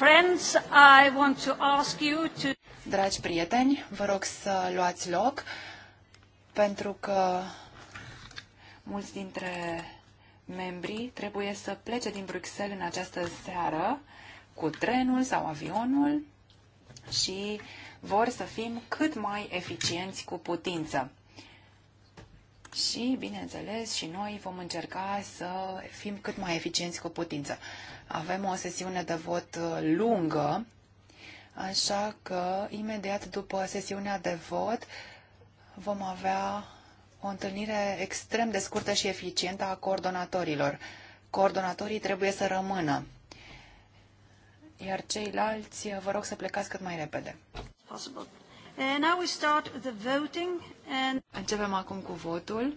friends, I want to ask you to... Dragi prieteni, vă rog să luați loc, pentru că mulți dintre membrii trebuie să plece din Bruxelles în această seară cu trenul sau avionul și vor să fim cât mai eficienți cu putință și, bineînțeles, și noi vom încerca să fim cât mai eficienți cu putință. Avem o sesiune de vot uh, lungă, așa că imediat după sesiunea de vot vom avea o întâlnire extrem de scurtă și eficientă a coordonatorilor. Coordonatorii trebuie să rămână, iar ceilalți uh, vă rog să plecați cât mai repede. Possible. Uh, now we start the voting and... Începem acum cu votul.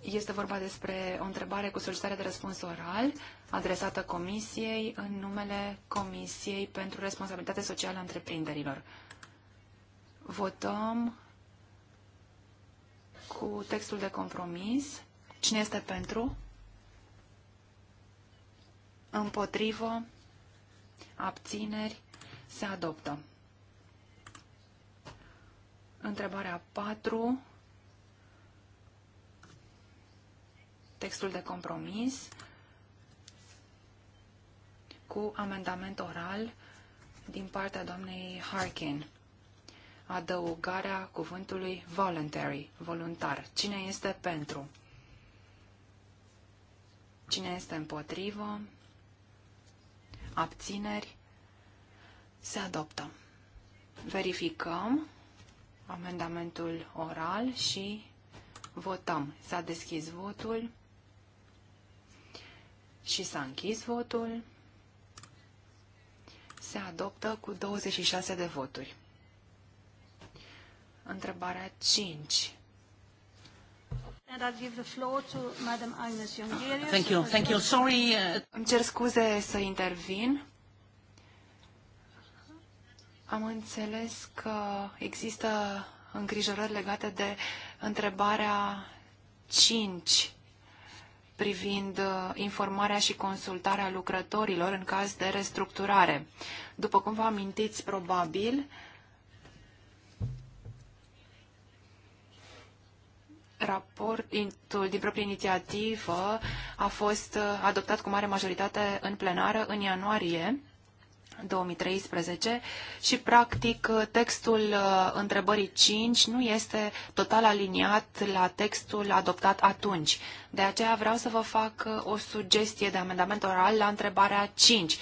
Este vorba despre o întrebare cu solicitare de răspuns oral adresată Comisiei în numele Comisiei pentru Responsabilitate Socială a Întreprinderilor. Votăm cu textul de compromis. Cine este pentru? Împotrivă? Abțineri? se adoptă. Întrebarea 4. Textul de compromis cu amendament oral din partea doamnei Harkin. Adăugarea cuvântului voluntary, voluntar. Cine este pentru? Cine este împotrivă? Abțineri? Se adoptă. Verificăm amendamentul oral și votăm. S-a deschis votul și s-a închis votul. Se adoptă cu 26 de voturi. Întrebarea 5. Thank you, thank you. Sorry. Uh, Îmi cer scuze să intervin. Am înțeles că există îngrijorări legate de întrebarea 5 privind uh, informarea și consultarea lucrătorilor în caz de restructurare. După cum vă amintiți, probabil, raportul din proprie inițiativă a fost uh, adoptat cu mare majoritate în plenară în ianuarie 2013 și, practic, textul uh, întrebării 5 nu este total aliniat la textul adoptat atunci. De aceea vreau să vă fac uh, o sugestie de amendament oral la întrebarea 5.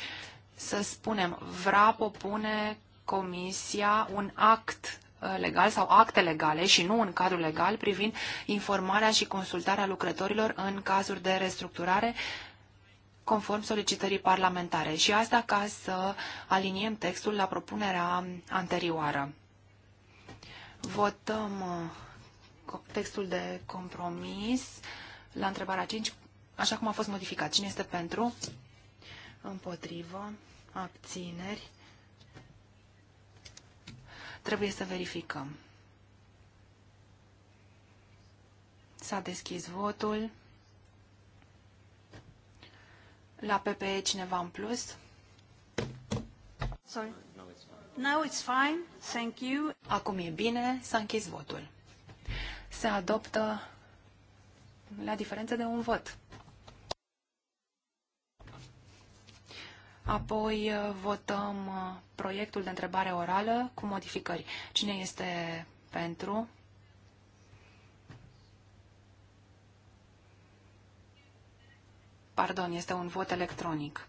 Să spunem, vrea propune Comisia un act uh, legal sau acte legale și nu în cadrul legal privind informarea și consultarea lucrătorilor în cazuri de restructurare conform solicitării parlamentare și asta ca să aliniem textul la propunerea anterioară. Votăm uh, textul de compromis la întrebarea 5, așa cum a fost modificat. Cine este pentru? Împotrivă? Abțineri? Trebuie să verificăm. S-a deschis votul. La PPE cineva în plus? Sorry. Now it's fine. Thank you. Acum e bine, s-a închis votul. Se adoptă la diferență de un vot. Apoi uh, votăm uh, proiectul de întrebare orală cu modificări. Cine este pentru? Pardon, este un vot electronic.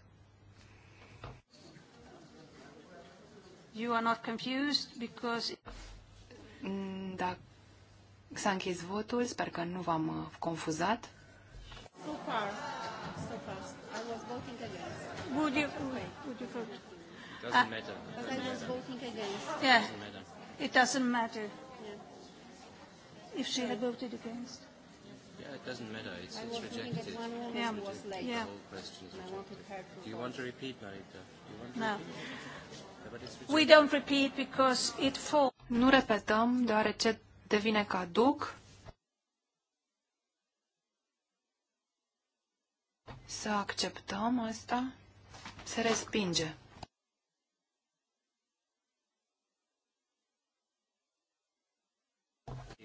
You are not confused because... Mm, da, s-a închis votul, sper că nu v-am uh, confuzat. So far, so fast. I was voting against. Would you, would you vote? It doesn't uh, matter. I was voting against. Yeah. It doesn't matter. It doesn't matter. Yeah. If she had voted against it doesn't matter. It's, I it's rejected. One woman yeah. was late. Yeah. The whole question is rejected. Do you want to repeat, Marita? Do you want to no. repeat? We don't repeat because it falls. Nu repetăm, deoarece devine caduc. Să acceptăm asta. Se respinge.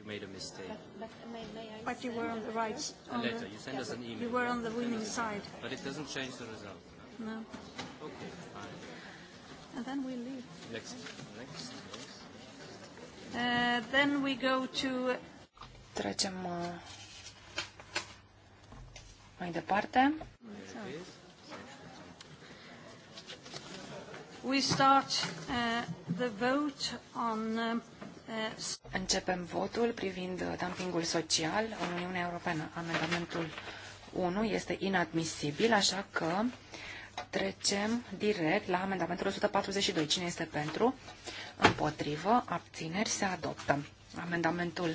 you made a mistake. But, but, may, may I but you were on the right. On a letter. you sent yeah, us an email. You were on the winning side. But it doesn't change the result. No. no. Okay, fine. And then we leave. Next. Next. Uh, then we go to... Trecem uh, mai departe. We start uh, the vote on... Uh, Începem votul privind dumpingul social în Uniunea Europeană. Amendamentul 1 este inadmisibil, așa că trecem direct la amendamentul 142. Cine este pentru? Împotrivă. Abțineri. Se adoptă. Amendamentul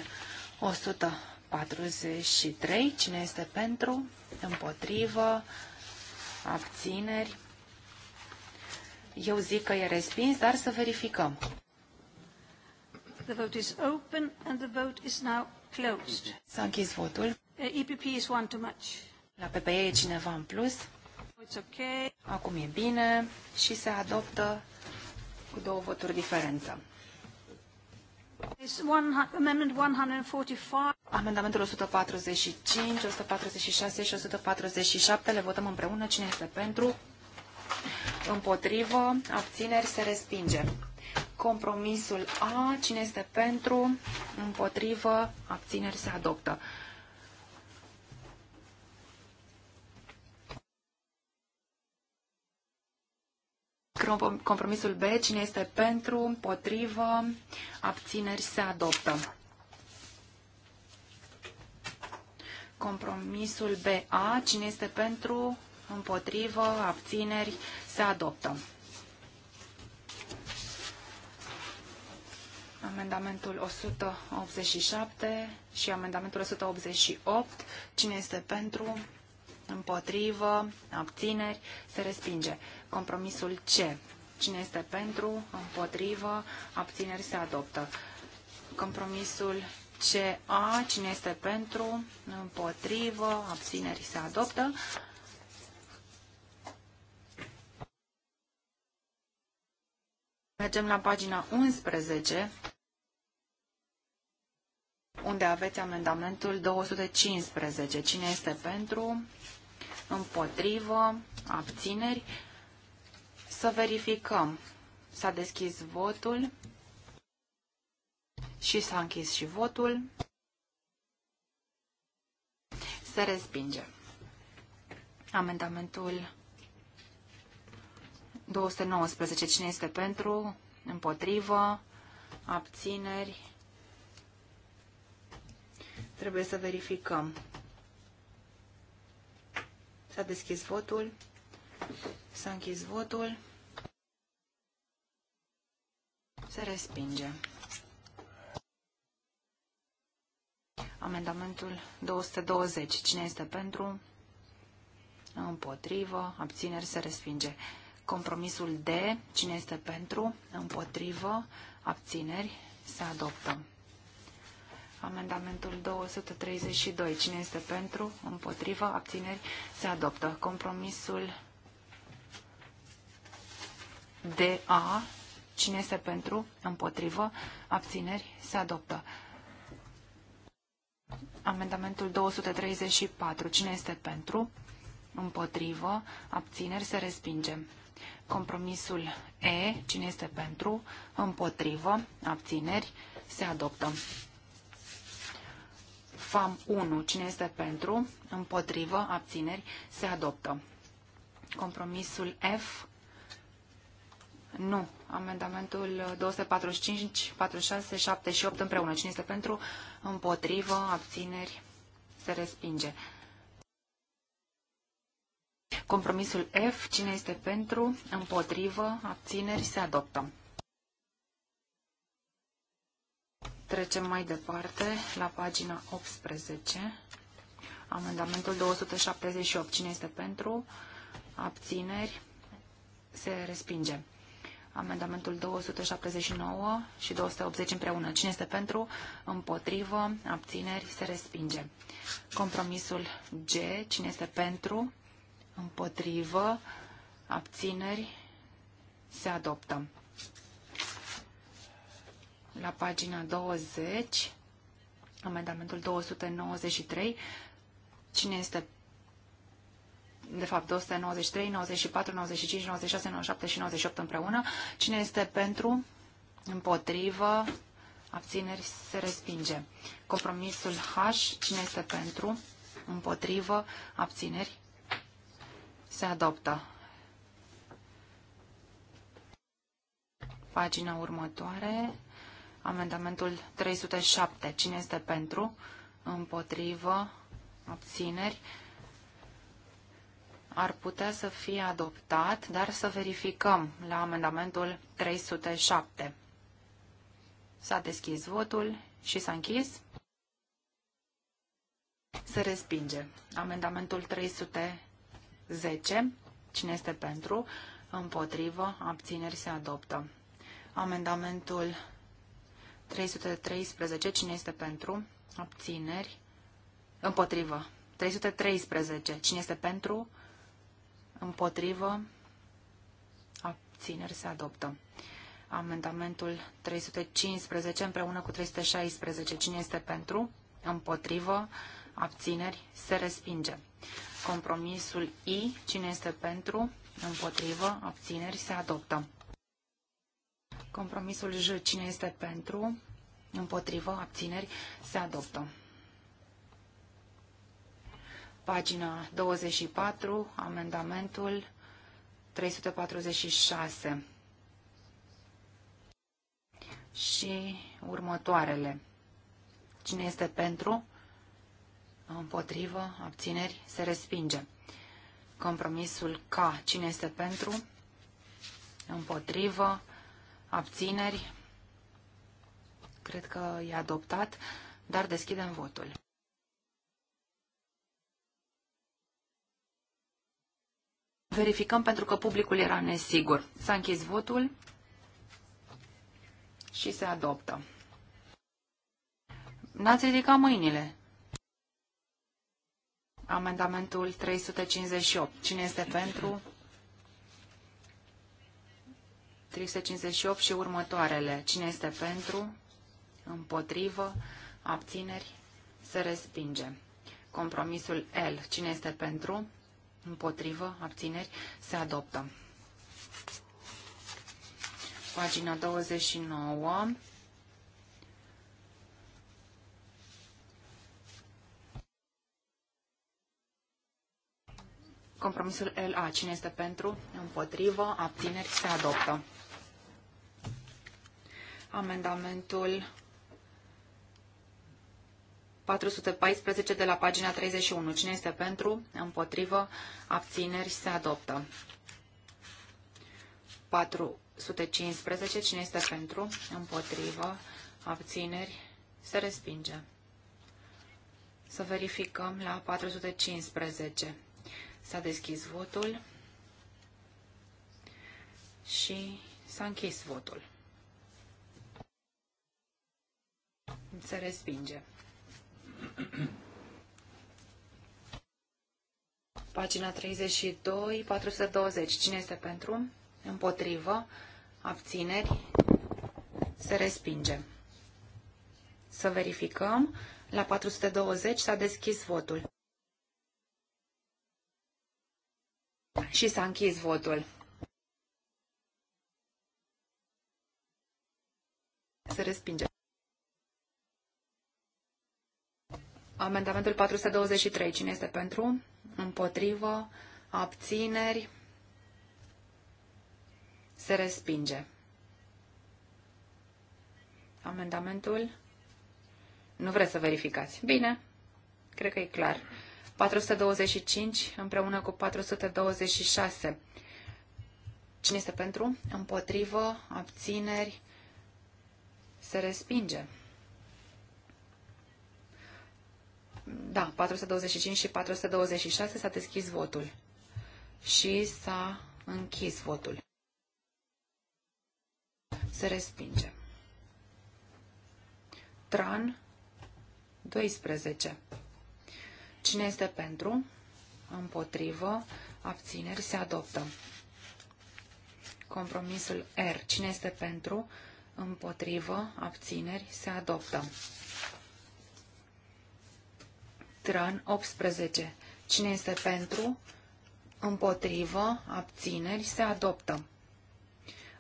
143. Cine este pentru? Împotrivă. Abțineri. Eu zic că e respins, dar să verificăm. The vote is open and the vote is now closed. S-a închis votul. Uh, EPP is one too much. La PPE e cineva în plus. It's okay. Acum e bine și se adoptă cu două voturi diferență. 145. Amendamentul 145, 146 și 147 le votăm împreună. Cine este pentru? Împotrivă? Abțineri? Se respinge. Compromisul A, cine este pentru, împotrivă, abțineri se adoptă. Compromisul B, cine este pentru, împotrivă, abțineri se adoptă. Compromisul BA, cine este pentru, împotrivă, abțineri se adoptă. Amendamentul 187 și amendamentul 188. Cine este pentru? Împotrivă? Abțineri? Se respinge. Compromisul C. Cine este pentru? Împotrivă? Abțineri? Se adoptă. Compromisul CA. Cine este pentru? Împotrivă? Abțineri? Se adoptă. Mergem la pagina 11, unde aveți amendamentul 215. Cine este pentru? Împotrivă? Abțineri? Să verificăm. S-a deschis votul și s-a închis și votul. Se respinge. Amendamentul 219. Cine este pentru? Împotrivă? Abțineri? Trebuie să verificăm. S-a deschis votul. S-a închis votul. Se respinge. Amendamentul 220. Cine este pentru? Împotrivă. Abțineri se respinge. Compromisul D, cine este pentru, împotrivă, abțineri, se adoptă. Amendamentul 232, cine este pentru, împotrivă, abțineri, se adoptă. Compromisul DA, cine este pentru, împotrivă, abțineri, se adoptă. Amendamentul 234, cine este pentru, Împotrivă, abțineri se respinge. Compromisul E, cine este pentru, împotrivă, abțineri, se adoptă. FAM 1, cine este pentru, împotrivă, abțineri, se adoptă. Compromisul F, nu. Amendamentul 245, 46, 7 și 8 împreună. Cine este pentru, împotrivă, abțineri, se respinge. Compromisul F, cine este pentru, împotrivă, abțineri, se adoptă. Trecem mai departe la pagina 18, amendamentul 278. Cine este pentru, abțineri, se respinge. Amendamentul 279 și 280 împreună. Cine este pentru? Împotrivă. Abțineri. Se respinge. Compromisul G. Cine este pentru? împotrivă, abțineri, se adoptă. La pagina 20, amendamentul 293, cine este de fapt 293, 94, 95, 96, 97 și 98 împreună. Cine este pentru, împotrivă, abțineri, se respinge. Compromisul H, cine este pentru, împotrivă, abțineri, se adoptă. Pagina următoare, amendamentul 307. Cine este pentru? Împotrivă? Abțineri? Ar putea să fie adoptat, dar să verificăm la amendamentul 307. S-a deschis votul și s-a închis. Se respinge. Amendamentul 307. 10. Cine este pentru? Împotrivă. Abțineri se adoptă. Amendamentul 313. Cine este pentru? Abțineri. Împotrivă. 313. Cine este pentru? Împotrivă. Abțineri se adoptă. Amendamentul 315 împreună cu 316. Cine este pentru? Împotrivă abțineri, se respinge. Compromisul I, cine este pentru, împotrivă, abțineri, se adoptă. Compromisul J, cine este pentru, împotrivă, abțineri, se adoptă. Pagina 24, amendamentul 346 și următoarele. Cine este pentru, împotrivă, abțineri, se respinge. Compromisul K, cine este pentru, împotrivă, abțineri, cred că e adoptat, dar deschidem votul. Verificăm pentru că publicul era nesigur. S-a închis votul și se adoptă. N-ați ridicat mâinile amendamentul 358. Cine este pentru? 358 și următoarele. Cine este pentru? Împotrivă? Abțineri? Se respinge. Compromisul L. Cine este pentru? Împotrivă? Abțineri? Se adoptă. Pagina 29. Compromisul LA. Cine este pentru? Împotrivă. Abțineri. Se adoptă. Amendamentul 414 de la pagina 31. Cine este pentru? Împotrivă. Abțineri. Se adoptă. 415. Cine este pentru? Împotrivă. Abțineri. Se respinge. Să verificăm la 415. S-a deschis votul și s-a închis votul. Se respinge. Pagina 32, 420. Cine este pentru? Împotrivă. Abțineri. Se respinge. Să verificăm. La 420 s-a deschis votul. Și s-a închis votul. Se respinge. Amendamentul 423. Cine este pentru? Împotrivă? Abțineri? Se respinge. Amendamentul? Nu vreți să verificați. Bine. Cred că e clar. 425 împreună cu 426. Cine este pentru? Împotrivă, abțineri, se respinge. Da, 425 și 426 s-a deschis votul și s-a închis votul. Se respinge. Tran 12. Cine este pentru? Împotrivă. Abțineri. Se adoptă. Compromisul R. Cine este pentru? Împotrivă. Abțineri. Se adoptă. Tran 18. Cine este pentru? Împotrivă. Abțineri. Se adoptă.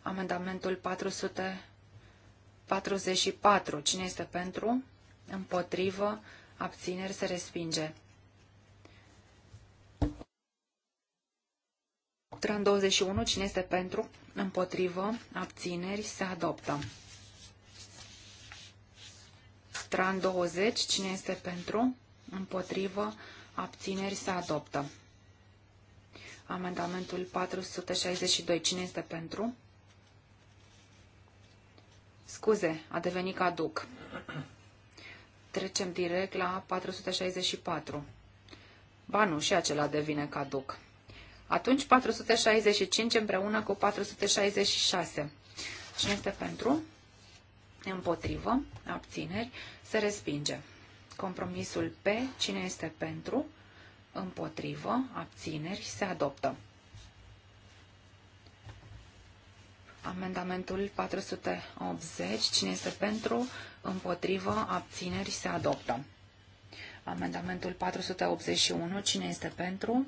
Amendamentul 444. Cine este pentru? Împotrivă. Abțineri. Se respinge. 8, rând 21, cine este pentru, împotrivă, abțineri, se adoptă. Tran 20, cine este pentru, împotrivă, abțineri, se adoptă. Amendamentul 462, cine este pentru? Scuze, a devenit caduc. Trecem direct la 464. Ba nu, și acela devine caduc. Atunci 465 împreună cu 466. Cine este pentru? Împotrivă. Abțineri. Se respinge. Compromisul P. Cine este pentru? Împotrivă. Abțineri. Se adoptă. Amendamentul 480. Cine este pentru? Împotrivă. Abțineri. Se adoptă. Amendamentul 481. Cine este pentru?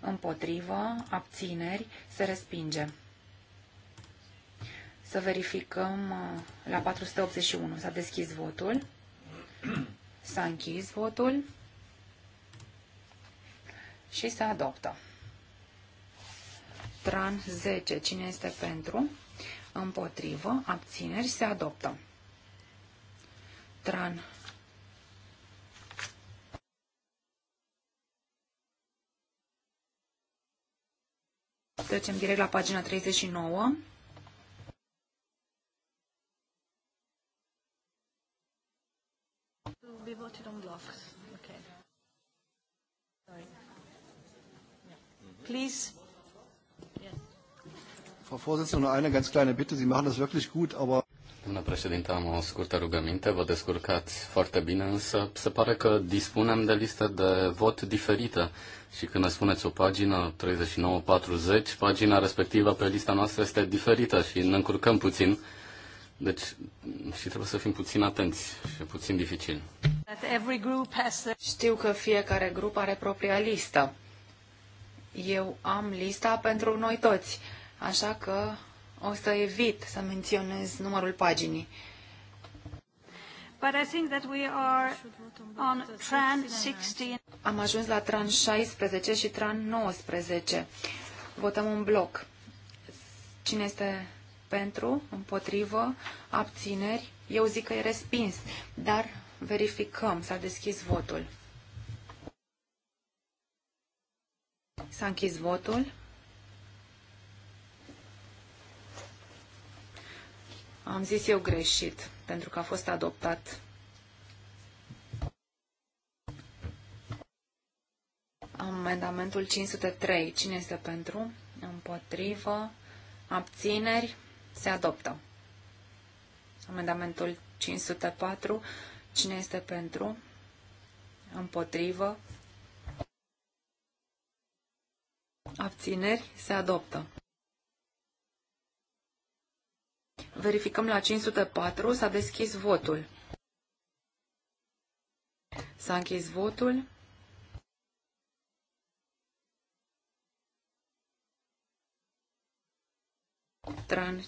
împotrivă, abțineri, se respinge. Să verificăm uh, la 481. S-a deschis votul. S-a închis votul și se adoptă. Tran 10. Cine este pentru? Împotrivă. Abțineri. Se adoptă. Tran Trecem direct la pagina 39. Frau Vorsitzende, nur eine ganz kleine Bitte. Sie machen das wirklich gut, aber Doamna președinte, am o scurtă rugăminte, vă descurcați foarte bine, însă se pare că dispunem de listă de vot diferită, și când ne spuneți o pagină 39-40, pagina respectivă pe lista noastră este diferită și ne încurcăm puțin. Deci, și trebuie să fim puțin atenți și puțin dificil. Știu că fiecare grup are propria listă. Eu am lista pentru noi toți, așa că o să evit să menționez numărul paginii. But I think that we are on tran 16. Am ajuns la tran 16 și tran 19. Votăm un bloc. Cine este pentru, împotrivă, abțineri? Eu zic că e respins, dar verificăm. S-a deschis votul. S-a închis votul. Am zis eu greșit, pentru că a fost adoptat. Amendamentul 503. Cine este pentru? Împotrivă. Abțineri. Se adoptă. Amendamentul 504. Cine este pentru? Împotrivă. Abțineri. Se adoptă. Verificăm la 504. S-a deschis votul. S-a închis votul. Tran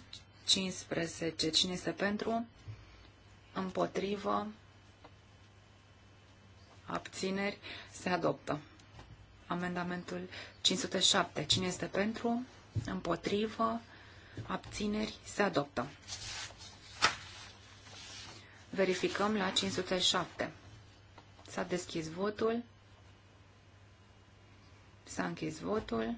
15. Cine este pentru? Împotrivă? Abțineri? Se adoptă. Amendamentul 507. Cine este pentru? Împotrivă? abțineri, se adoptă. Verificăm la 507. S-a deschis votul. S-a închis votul.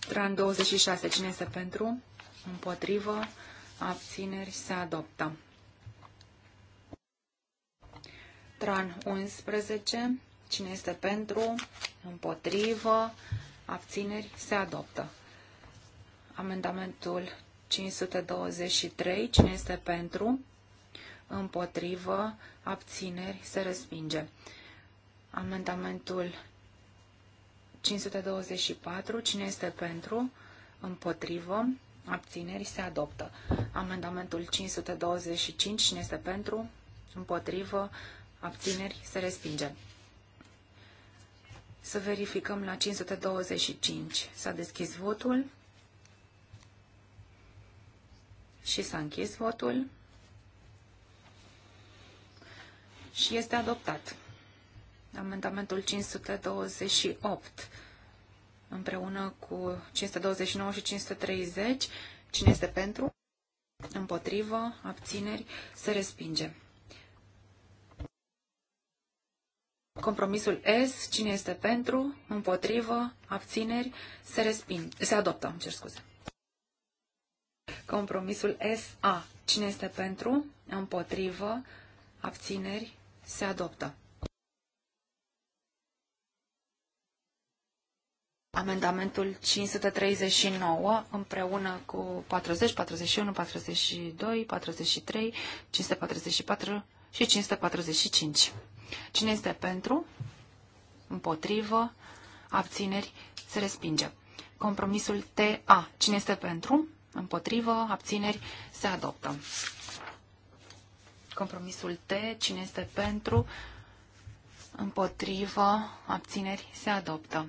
Tran 26. Cine este pentru? Împotrivă. Abțineri se adoptă. Tran 11. Cine este pentru? Împotrivă? Abțineri? Se adoptă. Amendamentul 523. Cine este pentru? Împotrivă? Abțineri? Se respinge. Amendamentul 524. Cine este pentru? Împotrivă? Abțineri? Se adoptă. Amendamentul 525. Cine este pentru? Împotrivă? abțineri, se respinge. Să verificăm la 525. S-a deschis votul și s-a închis votul și este adoptat. Amendamentul 528 împreună cu 529 și 530. Cine este pentru? Împotrivă? Abțineri? Se respinge. Compromisul S, cine este pentru, împotrivă, abțineri, se resping, se adoptă, îmi cer scuze. Compromisul SA, cine este pentru, împotrivă, abțineri, se adoptă. Amendamentul 539 împreună cu 40, 41, 42, 43, 544 și 545. Cine este pentru? Împotrivă? Abțineri? Se respinge. Compromisul TA. Cine este pentru? Împotrivă? Abțineri? Se adoptă. Compromisul T. Cine este pentru? Împotrivă? Abțineri? Se adoptă.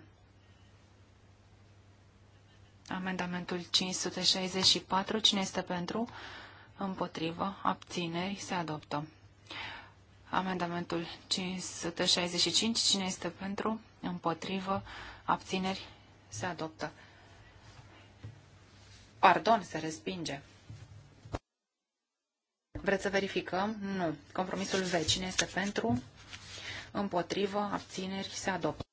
Amendamentul 564. Cine este pentru? Împotrivă? Abțineri? Se adoptă. Amendamentul 565. Cine este pentru? Împotrivă? Abțineri? Se adoptă. Pardon, se respinge. Vreți să verificăm? Nu. Compromisul V. Cine este pentru? Împotrivă? Abțineri? Se adoptă.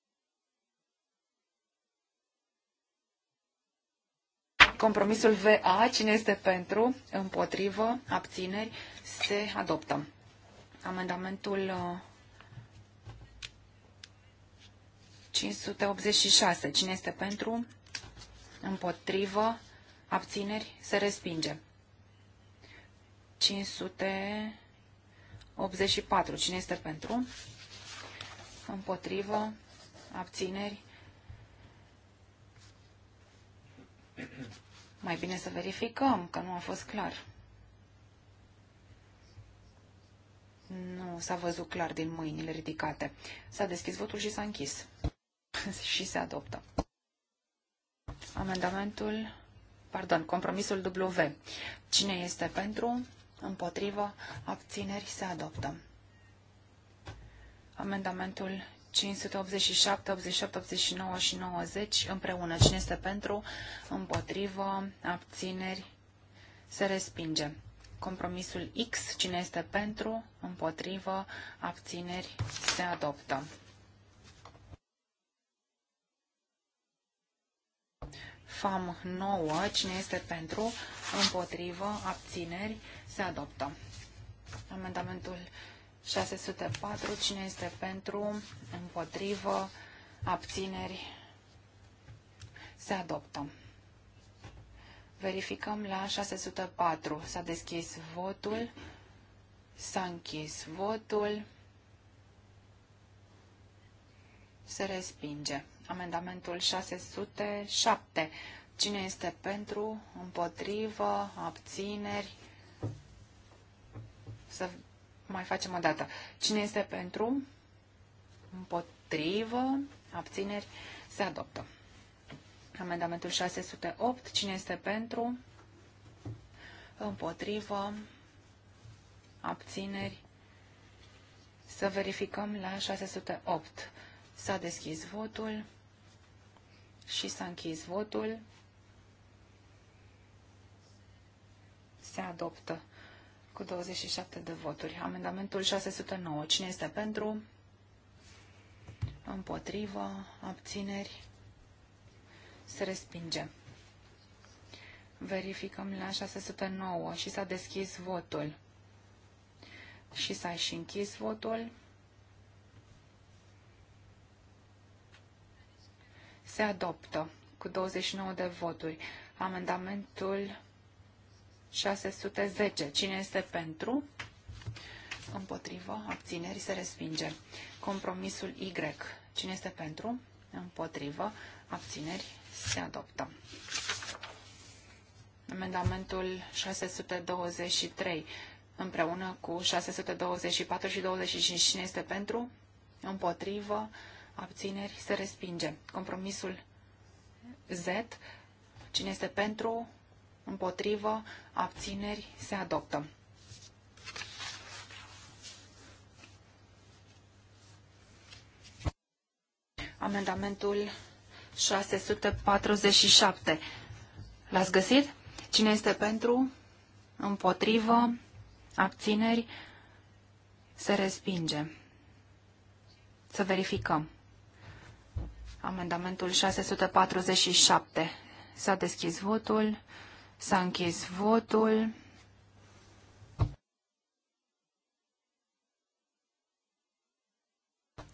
Compromisul VA, cine este pentru, împotrivă, abțineri, se adoptă. Amendamentul 586. Uh, Cine este pentru? Împotrivă? Abțineri? Se respinge. 584. Cine este pentru? Împotrivă? Abțineri? Mai bine să verificăm, că nu a fost clar. Nu s-a văzut clar din mâinile ridicate. S-a deschis votul și s-a închis. și se adoptă. Amendamentul, pardon, compromisul W. Cine este pentru, împotrivă, abțineri, se adoptă. Amendamentul 587, 88, 89 și 90 împreună. Cine este pentru, împotrivă, abțineri, se respinge. Compromisul X, cine este pentru, împotrivă, abțineri, se adoptă. FAM 9, cine este pentru, împotrivă, abțineri, se adoptă. Amendamentul 604, cine este pentru, împotrivă, abțineri, se adoptă. Verificăm la 604. S-a deschis votul. S-a închis votul. Se respinge. Amendamentul 607. Cine este pentru, împotrivă, abțineri? Să mai facem o dată. Cine este pentru, împotrivă, abțineri? Se adoptă. Amendamentul 608. Cine este pentru? Împotrivă? Abțineri? Să verificăm la 608. S-a deschis votul și s-a închis votul. Se adoptă cu 27 de voturi. Amendamentul 609. Cine este pentru? Împotrivă? Abțineri? se respinge. Verificăm la 609 și s-a deschis votul. Și s-a și închis votul. Se adoptă cu 29 de voturi. Amendamentul 610. Cine este pentru? Împotrivă. Abțineri se respinge. Compromisul Y. Cine este pentru? Împotrivă abțineri, se adoptă. Amendamentul 623 împreună cu 624 și 25 cine este pentru, împotrivă, abțineri, se respinge. Compromisul Z, cine este pentru, împotrivă, abțineri, se adoptă. Amendamentul 647. L-ați găsit? Cine este pentru? Împotrivă? Abțineri? Se respinge. Să verificăm. Amendamentul 647. S-a deschis votul, s-a închis votul.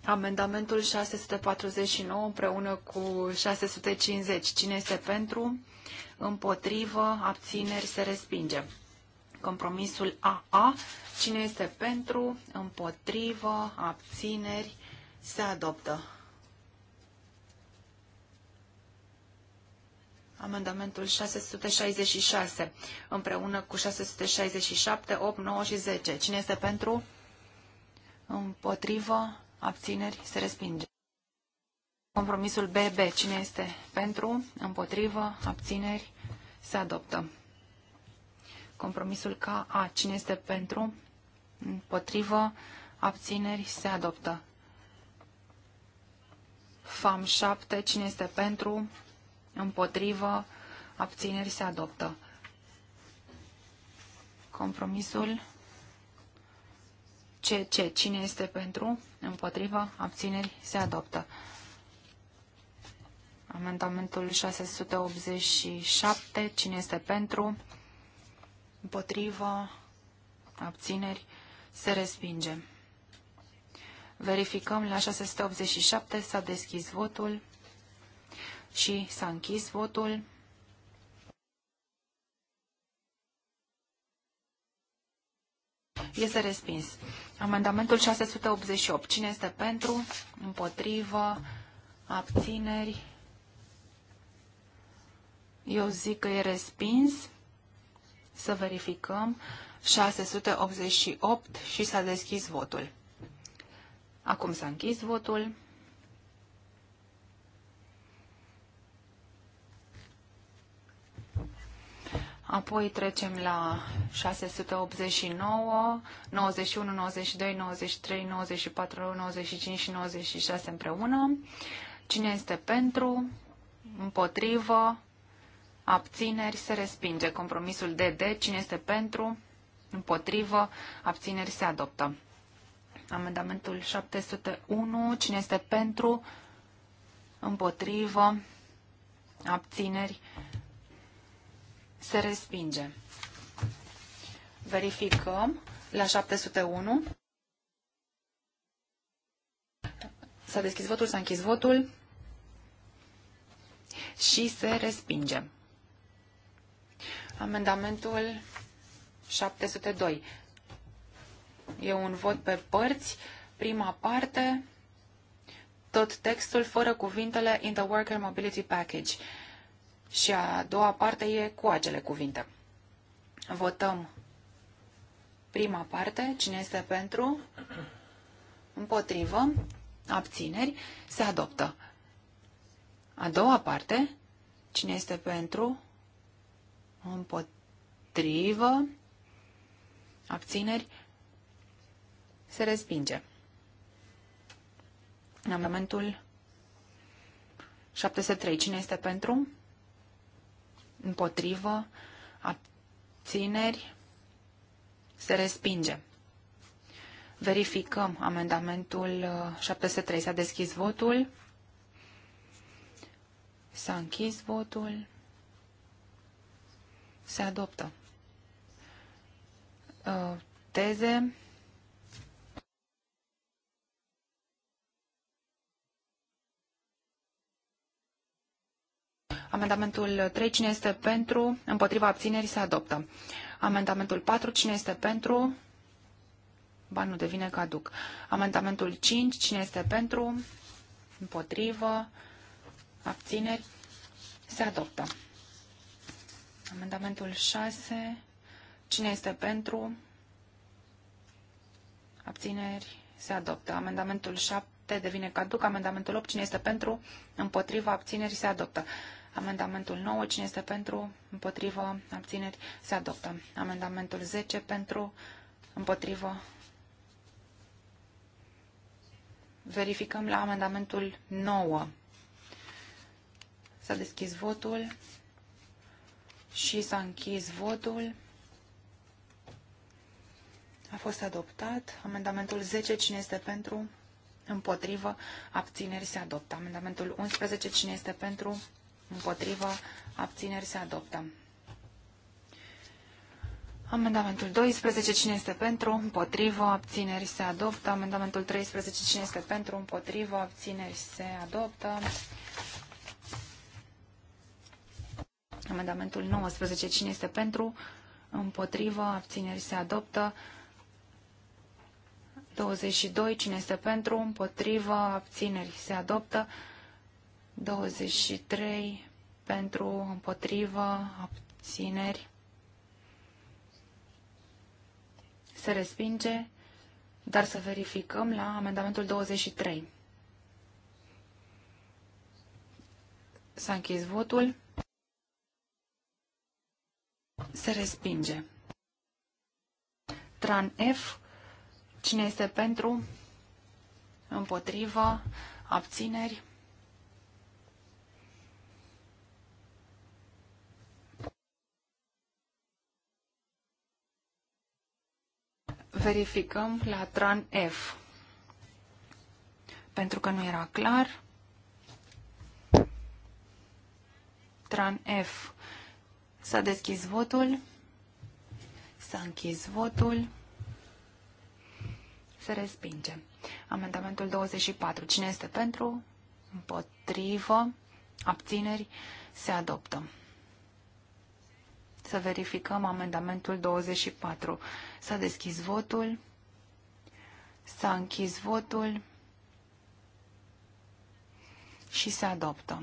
Amendamentul 649 împreună cu 650. Cine este pentru? Împotrivă? Abțineri? Se respinge. Compromisul AA. Cine este pentru? Împotrivă? Abțineri? Se adoptă. Amendamentul 666 împreună cu 667, 8, 9 și 10. Cine este pentru? Împotrivă? abțineri, se respinge. Compromisul BB, cine este pentru, împotrivă, abțineri, se adoptă. Compromisul KA, cine este pentru, împotrivă, abțineri, se adoptă. FAM 7, cine este pentru, împotrivă, abțineri, se adoptă. Compromisul CC. Cine este pentru? Împotrivă? Abțineri? Se adoptă. Amendamentul 687. Cine este pentru? Împotrivă? Abțineri? Se respinge. Verificăm la 687. S-a deschis votul și s-a închis votul. Este respins. Amendamentul 688. Cine este pentru? Împotrivă? Abțineri? Eu zic că e respins. Să verificăm. 688 și s-a deschis votul. Acum s-a închis votul. Apoi trecem la 689, 91, 92, 93, 94, 95 și 96 împreună. Cine este pentru? Împotrivă? Abțineri? Se respinge. Compromisul DD. Cine este pentru? Împotrivă? Abțineri? Se adoptă. Amendamentul 701. Cine este pentru? Împotrivă? Abțineri? Se respinge. Verificăm la 701. S-a deschis votul, s-a închis votul și se respinge. Amendamentul 702. E un vot pe părți. Prima parte, tot textul fără cuvintele in the Worker Mobility Package. Și a doua parte e cu acele cuvinte. Votăm prima parte, cine este pentru, împotrivă, abțineri, se adoptă. A doua parte, cine este pentru, împotrivă, abțineri, se respinge. Amendamentul 703. Cine este pentru? împotrivă, abțineri, se respinge. Verificăm amendamentul 703. Uh, S-a deschis votul. S-a închis votul. Se adoptă. Uh, teze. Amendamentul 3, cine este pentru, împotriva abținerii, se adoptă. Amendamentul 4, cine este pentru, banul devine caduc. Amendamentul 5, cine este pentru, împotrivă, abțineri, se adoptă. Amendamentul 6, cine este pentru, abțineri, se adoptă. Amendamentul 7 devine caduc. Amendamentul 8, cine este pentru, împotriva, abțineri, se adoptă. Amendamentul 9, cine este pentru, împotrivă, abțineri, se adoptă. Amendamentul 10 pentru, împotrivă. Verificăm la amendamentul 9. S-a deschis votul și s-a închis votul. A fost adoptat. Amendamentul 10, cine este pentru? Împotrivă. Abțineri se adoptă. Amendamentul 11, cine este pentru? Împotrivă. Abțineri se adoptă. Amendamentul 12, cine este pentru, împotrivă, abțineri se adoptă. Amendamentul 13, cine este pentru, împotrivă, abțineri se adoptă. Amendamentul 19, cine este pentru, împotrivă, abțineri se adoptă. 22, cine este pentru, împotrivă, abțineri se adoptă. 23 pentru, împotrivă, abțineri. Se respinge, dar să verificăm la amendamentul 23. S-a închis votul. Se respinge. Tran F. Cine este pentru? Împotrivă? Abțineri? verificăm la tran F. Pentru că nu era clar. Tran F. S-a deschis votul. S-a închis votul. Se respinge. Amendamentul 24. Cine este pentru? Împotrivă. Abțineri. Se adoptă. Să verificăm amendamentul 24. S-a deschis votul. S-a închis votul și se adoptă.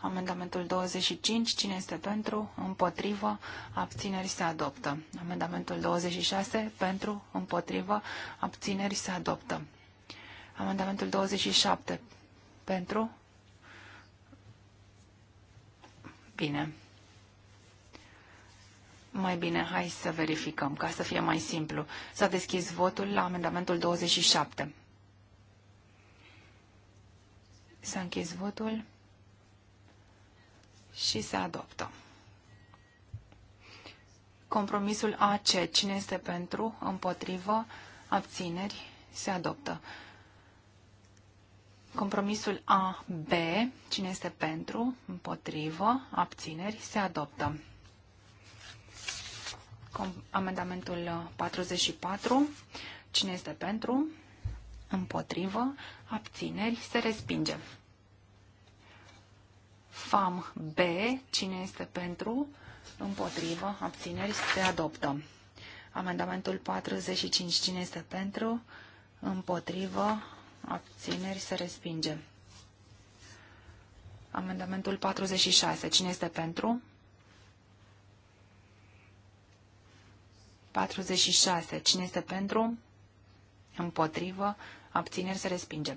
Amendamentul 25, cine este pentru, împotrivă, abțineri se adoptă. Amendamentul 26, pentru, împotrivă, abțineri se adoptă. Amendamentul 27, pentru, bine, mai bine, hai să verificăm, ca să fie mai simplu. S-a deschis votul la amendamentul 27. S-a închis votul și se adoptă. Compromisul AC, cine este pentru, împotrivă, abțineri, se adoptă. Compromisul AB, cine este pentru, împotrivă, abțineri, se adoptă. Amendamentul 44. Cine este pentru? Împotrivă. Abțineri. Se respinge. FAM B. Cine este pentru? Împotrivă. Abțineri. Se adoptă. Amendamentul 45. Cine este pentru? Împotrivă. Abțineri. Se respinge. Amendamentul 46. Cine este pentru? 46. Cine este pentru? Împotrivă. Abțineri se respinge.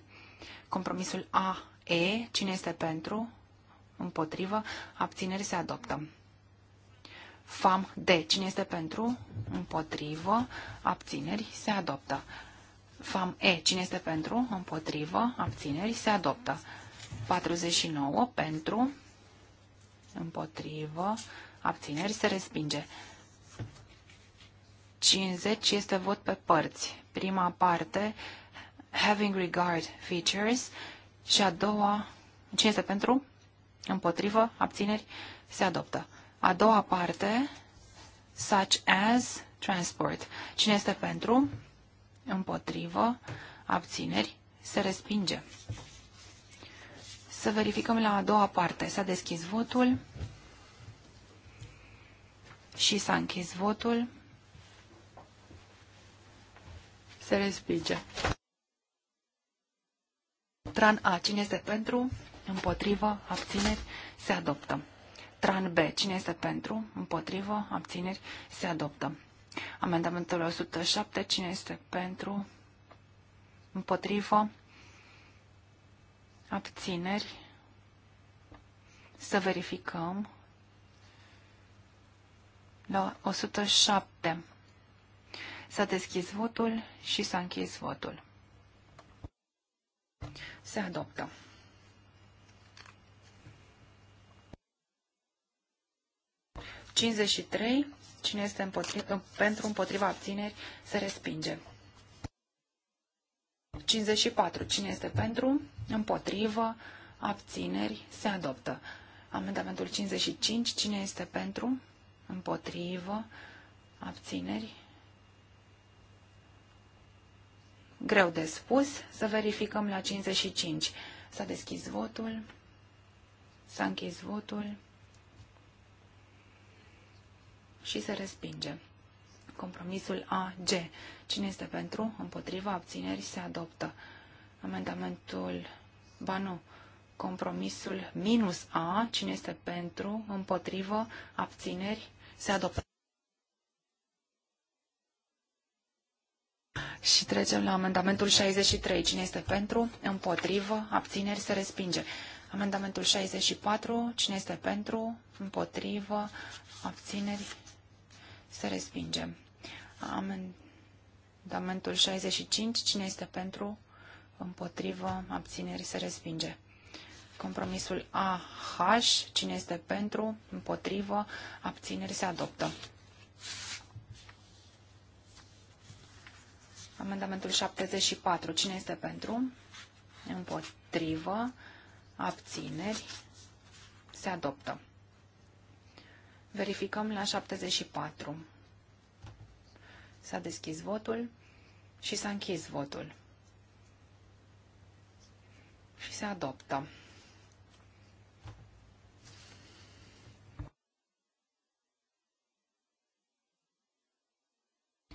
Compromisul A. E. Cine este pentru? Împotrivă. Abțineri se adoptă. FAM D. Cine este pentru? Împotrivă. Abțineri se adoptă. FAM E. Cine este pentru? Împotrivă. Abțineri se adoptă. 49. Pentru. Împotrivă. Abțineri se respinge. 50 este vot pe părți. Prima parte, having regard features, și a doua, cine este pentru? Împotrivă, abțineri, se adoptă. A doua parte, such as transport. Cine este pentru? Împotrivă, abțineri, se respinge. Să verificăm la a doua parte. S-a deschis votul și s-a închis votul. Se respinge. Tran A. Cine este pentru? Împotrivă. Abțineri. Se adoptă. Tran B. Cine este pentru? Împotrivă. Abțineri. Se adoptă. Amendamentul 107. Cine este pentru? Împotrivă. Abțineri. Să verificăm. La 107. S-a deschis votul și s-a închis votul. Se adoptă. Cincizeci trei. Cine este împotriva, pentru împotriva abțineri se respinge. 54. Cine este pentru? Împotrivă. Abțineri. Se adoptă. Amendamentul 55. Cine este pentru? Împotrivă. Abțineri. greu de spus. Să verificăm la 55. S-a deschis votul. S-a închis votul. Și se respinge. Compromisul AG. Cine este pentru? Împotriva abțineri se adoptă. Amendamentul... Ba nu. Compromisul minus A. Cine este pentru? Împotrivă abțineri se adoptă. Și trecem la amendamentul 63. Cine este pentru? Împotrivă? Abțineri? Se respinge. Amendamentul 64. Cine este pentru? Împotrivă? Abțineri? Se respinge. Amendamentul 65. Cine este pentru? Împotrivă? Abțineri? Se respinge. Compromisul AH. Cine este pentru? Împotrivă? Abțineri? Se adoptă. Amendamentul 74. Cine este pentru? Împotrivă. Abțineri. Se adoptă. Verificăm la 74. S-a deschis votul și s-a închis votul. Și se adoptă.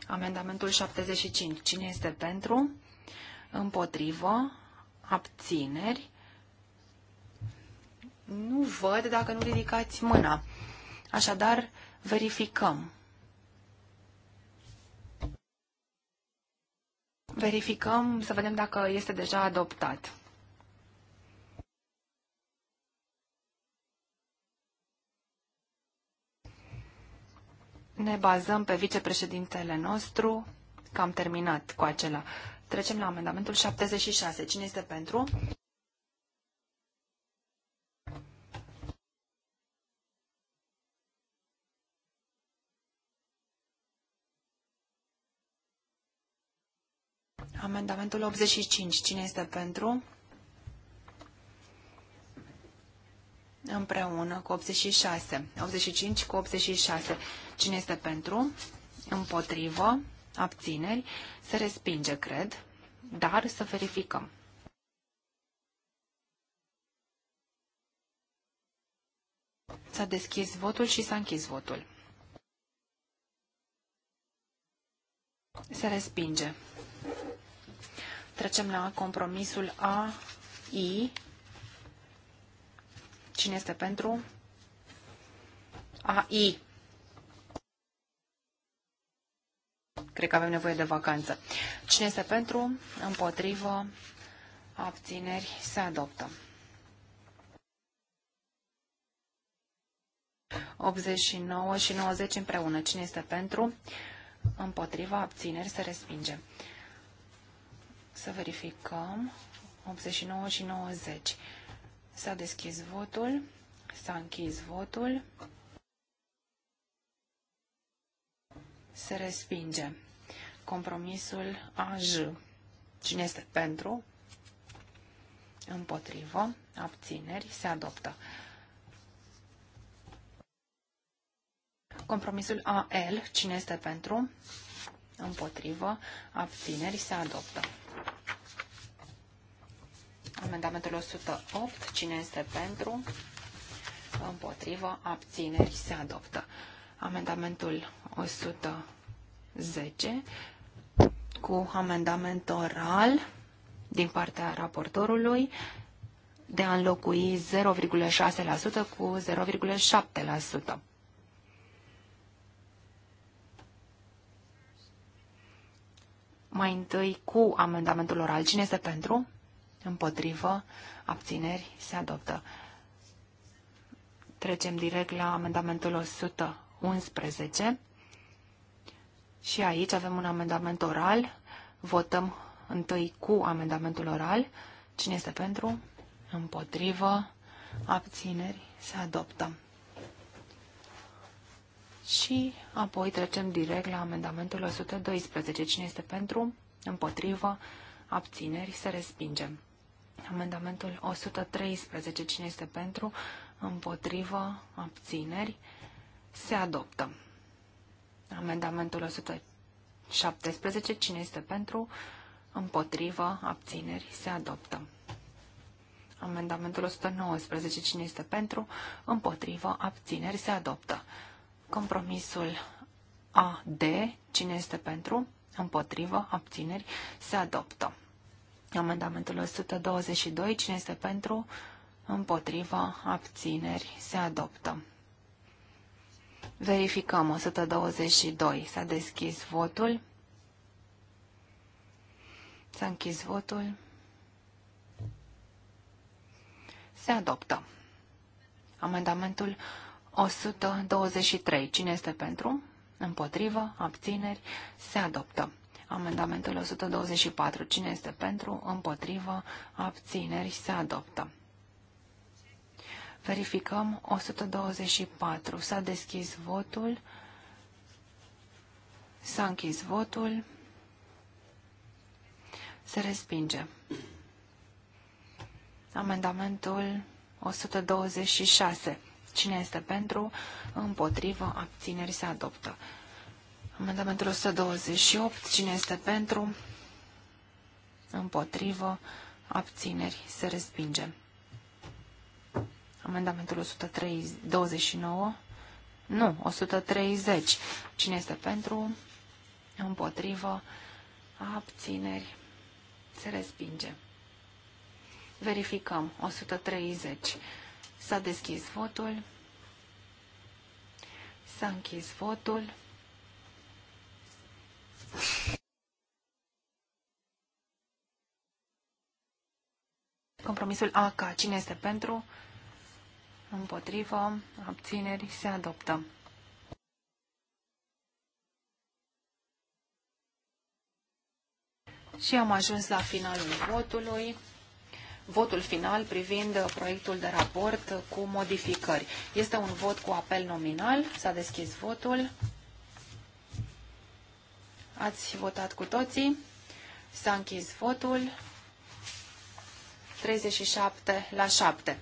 Amendamentul 75. Cine este pentru? Împotrivă? Abțineri? Nu văd dacă nu ridicați mâna. Așadar, verificăm. Verificăm să vedem dacă este deja adoptat. ne bazăm pe vicepreședintele nostru, că am terminat cu acela. Trecem la amendamentul 76. Cine este pentru? Amendamentul 85. Cine este pentru? împreună cu 86. 85 cu 86. Cine este pentru? Împotrivă? Abțineri? Se respinge, cred, dar să verificăm. S-a deschis votul și s-a închis votul. Se respinge. Trecem la compromisul A I. Cine este pentru? AI. Cred că avem nevoie de vacanță. Cine este pentru? Împotrivă. Abțineri. Se adoptă. 89 și 90 împreună. Cine este pentru? Împotriva abțineri se respinge. Să verificăm. 89 și 90. S-a deschis votul. S-a închis votul. Se respinge. Compromisul AJ. Cine este pentru? Împotrivă. Abțineri. Se adoptă. Compromisul AL. Cine este pentru? Împotrivă. Abțineri. Se adoptă. Amendamentul 108. Cine este pentru? Împotrivă. Abțineri. Se adoptă. Amendamentul 110 cu amendament oral din partea raportorului de a înlocui 0,6% cu 0,7%. Mai întâi cu amendamentul oral. Cine este pentru? Împotrivă. Abțineri. Se adoptă. Trecem direct la amendamentul 111. Și aici avem un amendament oral. Votăm întâi cu amendamentul oral. Cine este pentru? Împotrivă. Abțineri. Se adoptă. Și apoi trecem direct la amendamentul 112. Cine este pentru? Împotrivă. Abțineri. Se respingem. Amendamentul 113. Cine este pentru? Împotrivă? Abțineri? Se adoptă. Amendamentul 117. Cine este pentru? Împotrivă? Abțineri? Se adoptă. Amendamentul 119. Cine este pentru? Împotrivă? Abțineri? Se adoptă. Compromisul AD. Cine este pentru? Împotrivă? Abțineri? Se adoptă. Amendamentul 122. Cine este pentru? Împotriva. Abțineri. Se adoptă. Verificăm 122. S-a deschis votul. S-a închis votul. Se adoptă. Amendamentul 123. Cine este pentru? Împotrivă? Abțineri? Se adoptă. Amendamentul 124. Cine este pentru, împotrivă, abțineri, se adoptă. Verificăm 124. S-a deschis votul. S-a închis votul. Se respinge. Amendamentul 126. Cine este pentru, împotrivă, abțineri, se adoptă. Amendamentul 128. Cine este pentru? Împotrivă. Abțineri. Se respinge. Amendamentul 129. Nu, 130. Cine este pentru? Împotrivă. Abțineri. Se respinge. Verificăm. 130. S-a deschis votul. S-a închis votul. Compromisul AK. Cine este pentru? Împotrivă. Abțineri. Se adoptă. Și am ajuns la finalul votului. Votul final privind proiectul de raport cu modificări. Este un vot cu apel nominal. S-a deschis votul. Ați votat cu toții. S-a închis votul. 37 la 7.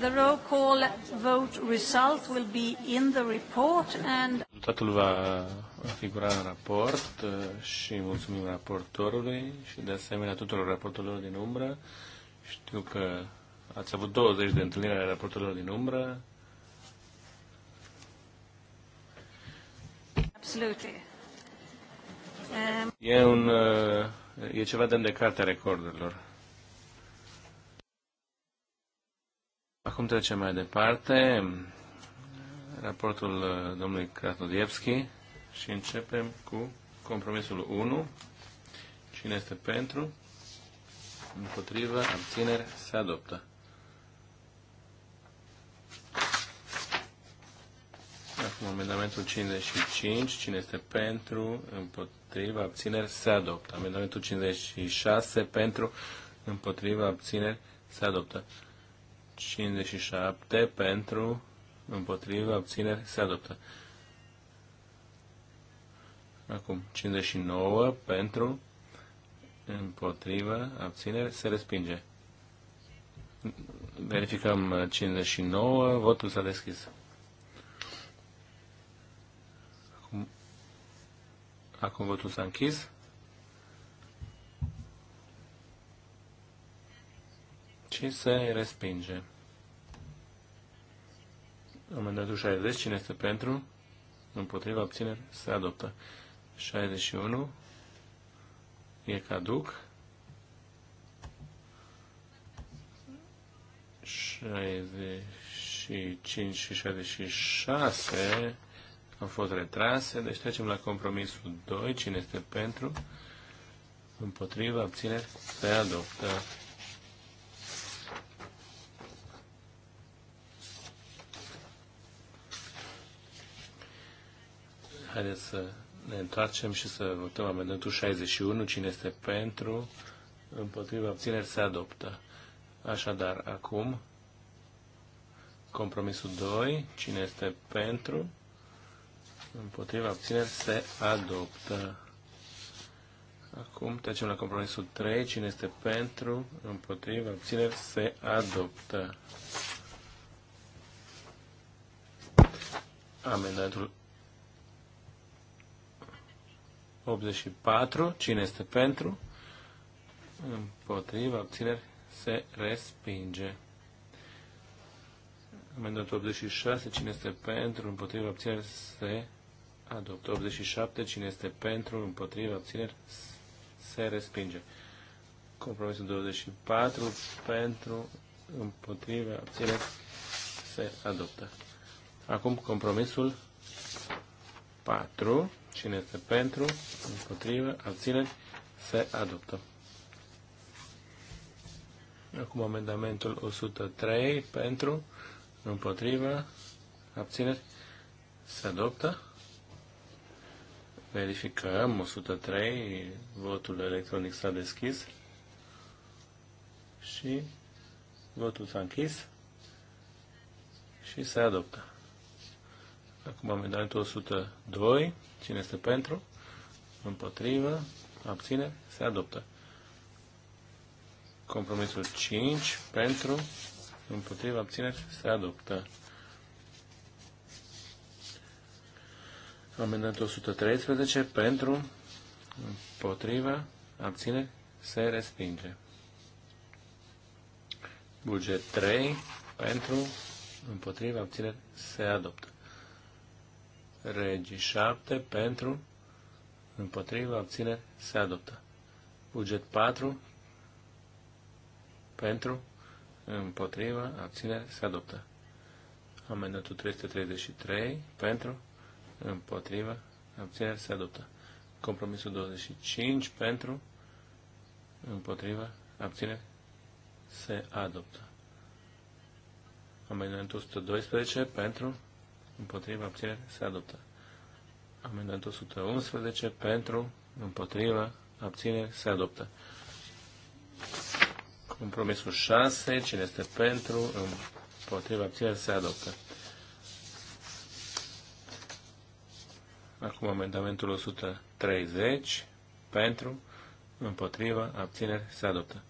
The roll call vote result will be in the report and Totul va figura în raport uh, și mulțumim raportorului și de asemenea tuturor raportorilor din umbră. Știu că ați avut 20 de întâlniri ale raportorilor din umbră Absolutely. Um... E, un, e ceva de de cartea recordurilor. Acum trecem mai departe. Raportul domnului Krasnodievski și începem cu compromisul 1. Cine este pentru? Împotrivă, abțineri, se adoptă. acum amendamentul 55. Cine este pentru? Împotriva abțineri se adoptă. Amendamentul 56 pentru? Împotriva abțineri se adoptă. 57 pentru? Împotriva abțineri se adoptă. Acum 59 pentru? Împotriva abțineri se respinge. Verificăm 59. Votul s-a deschis. Acum votul s-a închis. Și se respinge. Amendatul 60. Cine este pentru? Împotriva obținere? se adoptă. 61. E caduc. 65 și 66 au fost retrase, deci trecem la compromisul 2, cine este pentru, împotriva, abțineri, se adoptă. Haideți să ne întoarcem și să votăm amendamentul 61, cine este pentru, împotriva, abțineri, se adoptă. Așadar, acum, compromisul 2, cine este pentru, împotriva abțineri se adoptă. Acum trecem la compromisul 3. Cine este pentru, împotriva abțineri se adoptă. Amendatul 84. Cine este pentru? Împotriva abțineri se respinge. Amendatul 86. Cine este pentru? Împotriva abțineri se respinge. Adoptă 87. Cine este pentru, împotriva, abțineri, se respinge. Compromisul 24. Pentru, împotriva, abțineri, se adoptă. Acum compromisul 4. Cine este pentru, împotriva, abțineri, se adoptă. Acum amendamentul 103 pentru, împotriva, abțineri, se adoptă. Verificăm, 103, votul electronic s-a deschis și votul s-a închis și se adoptă. Acum amendamentul 102, cine este pentru, împotrivă, abține, se adoptă. Compromisul 5, pentru, împotrivă, abține, se adoptă. Amendamentul 113 pentru, împotriva, abține, se respinge. Buget 3 pentru, împotriva, abține, se adoptă. Regi 7 pentru, împotriva, abține, se adoptă. Buget 4 pentru, împotriva, abține, se adoptă. Amendamentul 333 pentru, împotrivă, abțineri se adoptă. Compromisul 25 pentru, împotrivă, abțineri se adoptă. Amendamentul 112 pentru, împotrivă, abțineri se adoptă. Amendamentul 111 pentru, împotrivă, abțineri se adoptă. Compromisul 6, cine este pentru, împotriva abțineri se adoptă. Acum amendamentul 130 pentru, împotriva, abțineri, se adoptă.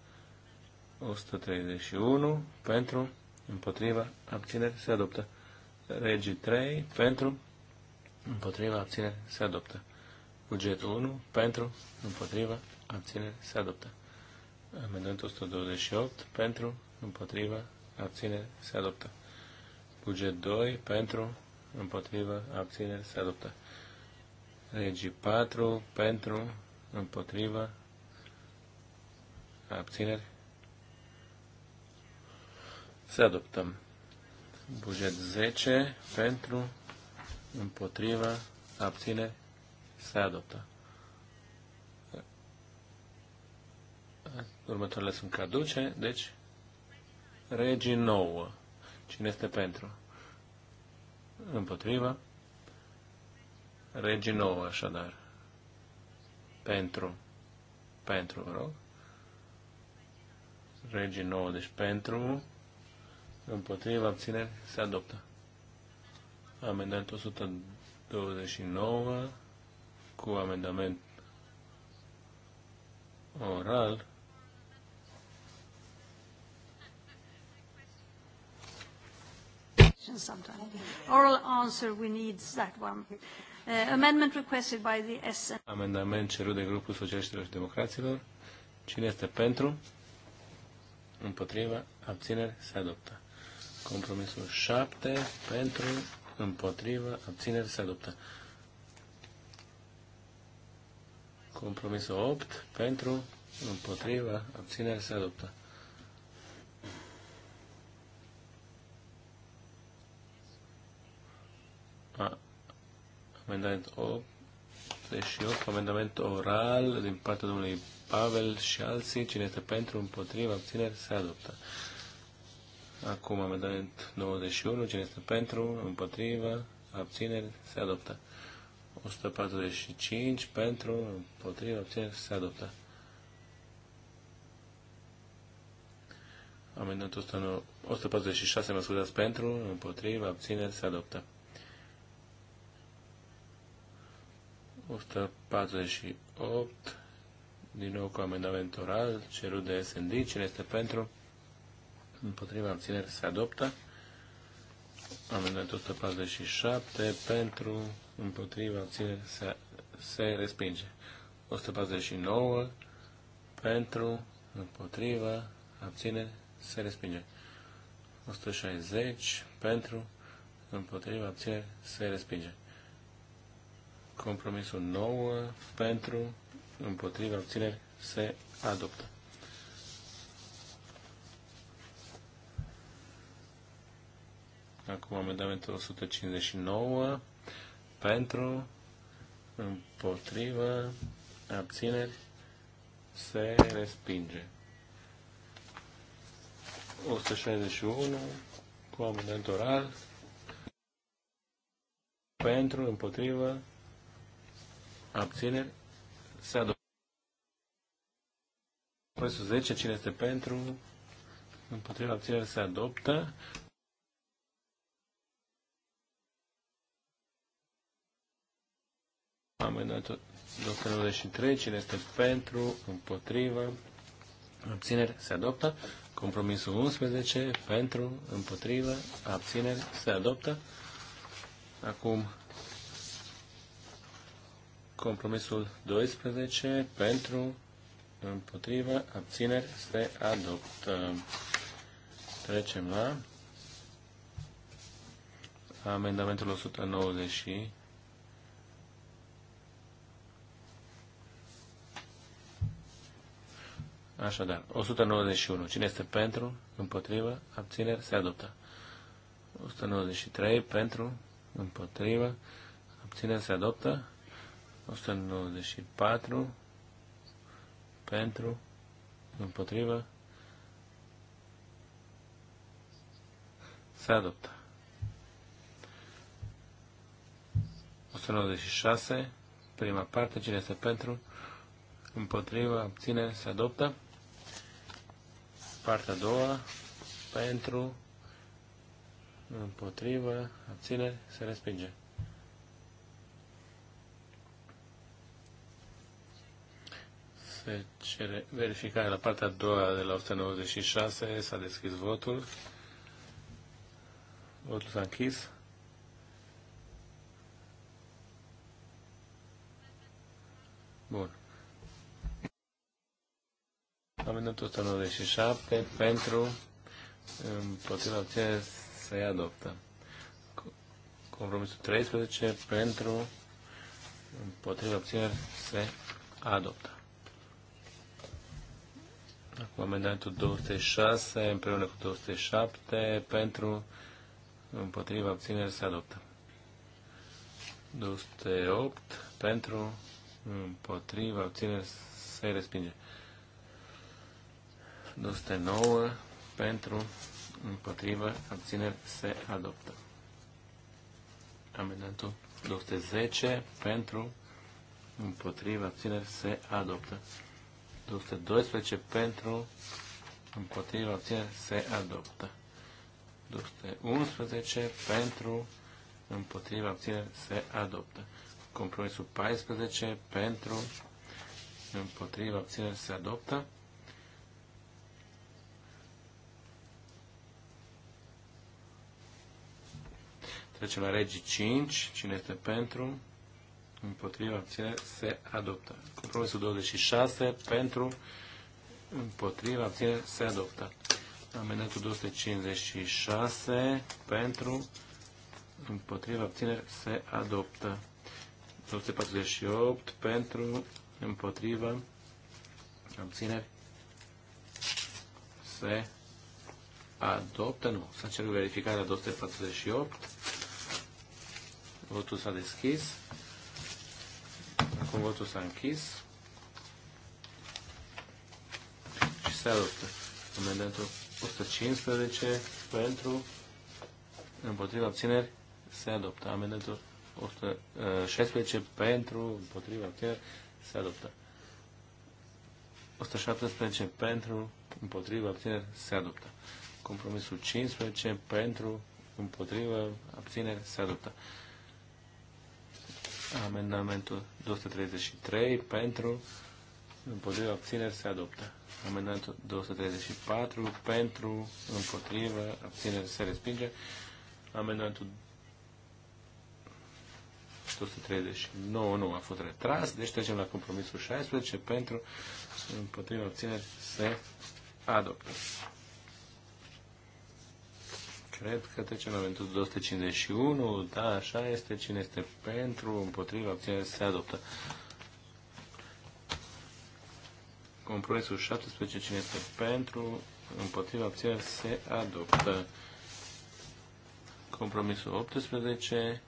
131 pentru, împotriva, abțineri, se adoptă. Regi 3 pentru, împotriva, abțineri, se adoptă. Buget 1 pentru, împotriva, abțineri, se adoptă. Amendamentul 128 pentru, împotriva, abțineri, se adoptă. Buget 2 pentru, împotriva, abțineri, se adoptă. Regii 4 pentru, împotrivă, abțineri. Să adoptăm. Buget 10 pentru, împotrivă, abțineri. Se adoptă. Următoarele sunt caduce, deci regii 9. Cine este pentru? împotriva? Regi 9, așadar. Pentru. Pentru, vă rog. Regi 9, deci pentru. Împotriva abțineri se adoptă. Amendamentul 129 cu amendament oral. Sometimes. Oral answer, we need that one. Uh, amendment requested by the S. Amendament cerut de grupul socialiștilor și democraților. Cine este pentru? Împotriva? Abțineri? Se adoptă. Compromisul 7. Pentru? Împotriva? Abțineri? Se adoptă. Compromisul 8. Pentru? Împotriva? Abțineri? Se adoptă. amendament 88, comandament oral din partea domnului Pavel și alții. Cine este pentru, împotriva, abțineri, se adoptă. Acum amendament 91, cine este pentru, împotriva, abțineri, se adoptă. 145 pentru, împotriva, abțineri, se adoptă. Amendamentul 146, mă scuzați, pentru, împotriva, abțineri, se adoptă. 148, din nou cu amendament oral, cerut de SND, cine este pentru, împotriva abțineri se adoptă. Amendamentul 147, pentru, împotriva abțineri se, se respinge. 149, pentru, împotriva, abțineri se respinge. 160, pentru, împotriva, abțineri se respinge. Compromisul 9 pentru, împotriva obțineri, se adoptă. Acum amendamentul 159 pentru, împotriva, abțineri, se respinge. 161 cu amendament oral pentru, împotriva, abțineri, se adoptă. Compromisul 10, cine este pentru, împotriva abțineri, se adoptă. Amendatul 293, cine este pentru, împotriva, abțineri, se adoptă. Compromisul 11, pentru, împotriva, abțineri, se adoptă. Acum Compromisul 12 pentru, împotrivă, abțineri se adoptă. Trecem la amendamentul 190. Așadar, 191. Cine este pentru, împotrivă, abțineri, se adoptă. 193. Pentru, împotrivă, abțineri, se adoptă. 194 pentru, împotrivă, se adoptă. 196, prima parte, cine este pentru, împotrivă, abține, se adoptă. Partea a doua, pentru, împotrivă, abține, se respinge. Se cere verificare la partea a doua de la 196. S-a deschis votul. Votul s-a închis. Bun. Amendamentul 197 pentru împotriva ce se adoptă. Compromisul 13 pentru împotriva obțineri se adoptă. Acum amendamentul 206 împreună cu 207 pentru împotriva abțineri se adoptă. 208 pentru împotriva abțineri se respinge. 209 pentru împotriva abțineri se adoptă. Amendamentul 210 pentru împotriva abțineri se adoptă. 212 pentru, împotriva abțineri se adoptă. 211 pentru, împotriva abțineri se adoptă. Compromisul 14 pentru, împotriva abțineri se adoptă. Trecem la regii 5. Cine este pentru? împotriva abțineri se adoptă. Compromisul 26 pentru împotriva abțineri se adoptă. Amendatul 256 pentru împotriva abțineri se adoptă. 248 pentru împotriva abțineri se adoptă. Nu, să cer verificarea 248. Votul s-a deschis. Acum votul s-a închis. Și se adoptă. Amendamentul 115 pentru împotriva obțineri se adoptă. Amendamentul 116 pentru împotriva obțineri se adoptă. 117 pentru împotriva obțineri se adoptă. Compromisul 15 pentru împotriva abțineri se adoptă. Amendamentul 233 pentru, împotriva abțineri se adoptă. Amendamentul 234 pentru, împotriva abțineri se respinge. Amendamentul 239 nu a fost retras, deci trecem la compromisul 16 pentru, împotriva abțineri se adoptă. Cred că trece în momentul 251. Da, așa este. Cine este pentru, împotriva, opțiune se adoptă. Compromisul 17. Cine este pentru, împotriva, opțiune se adoptă. Compromisul 18.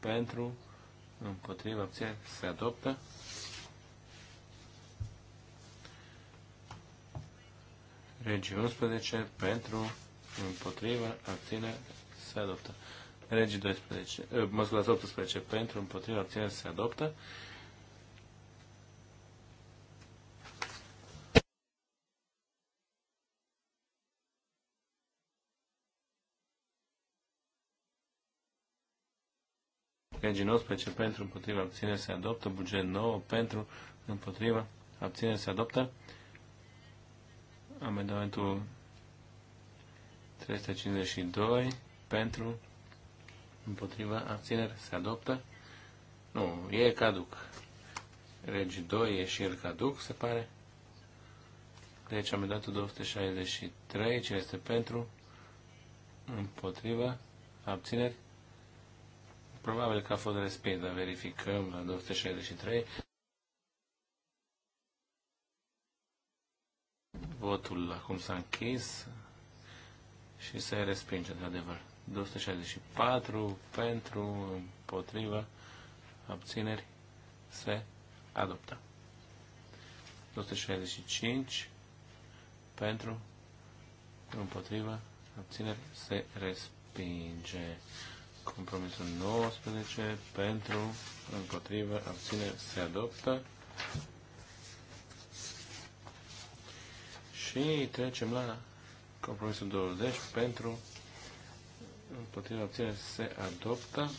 Pentru, împotriva, opțiune se adoptă. Regi 11 pentru împotriva, abține, se adoptă. Regii 12, eh, mă scuzați, 18 pentru, împotriva, abține, se adoptă. Regii 19 pentru, împotriva, abține, se adoptă. Buget 9 pentru, împotriva, abține, se adoptă. Amendamentul 352 pentru, împotriva, abțineri, se adoptă. Nu, e caduc. Regi 2 e și el caduc, se pare. Deci dat 263, ce este pentru, împotriva, abțineri. Probabil că a fost respins, dar verificăm la 263. Votul acum s-a închis și se respinge, într-adevăr. 264 pentru, împotriva, abțineri, se adoptă. 265 pentru, împotriva, abțineri, se respinge. Compromisul 19 pentru, împotriva, abțineri, se adoptă. Și trecem la Compromisul 20 pentru împotriva abțineri se adoptă.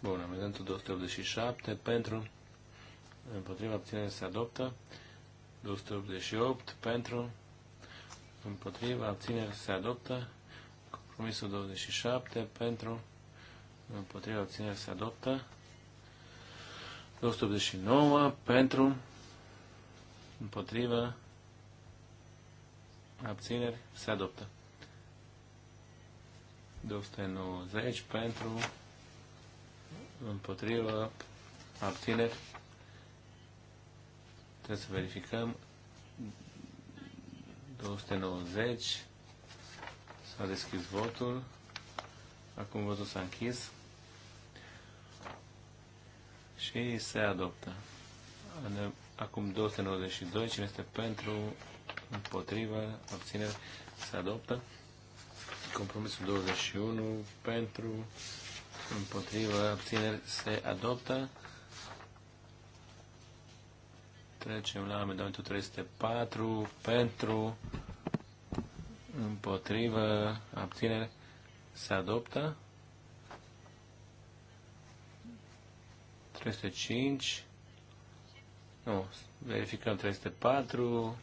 Bun, amendamentul 287 pentru împotriva abținere se adoptă. 288 pentru împotriva abținere se adoptă. Compromisul 27 pentru împotriva abținere se adoptă. 289 pentru, împotrivă, abțineri, se adoptă. 290 pentru, împotrivă, abțineri. Trebuie să verificăm. 290 s-a deschis votul. Acum votul s-a închis și se adoptă. Acum 292, cine este pentru, împotriva, abținere, se adoptă. Compromisul 21, pentru, împotriva, abțineri, se adoptă. Trecem la amendamentul 304, pentru, împotrivă, abținere, se adoptă. 305. Nu, verificăm 304.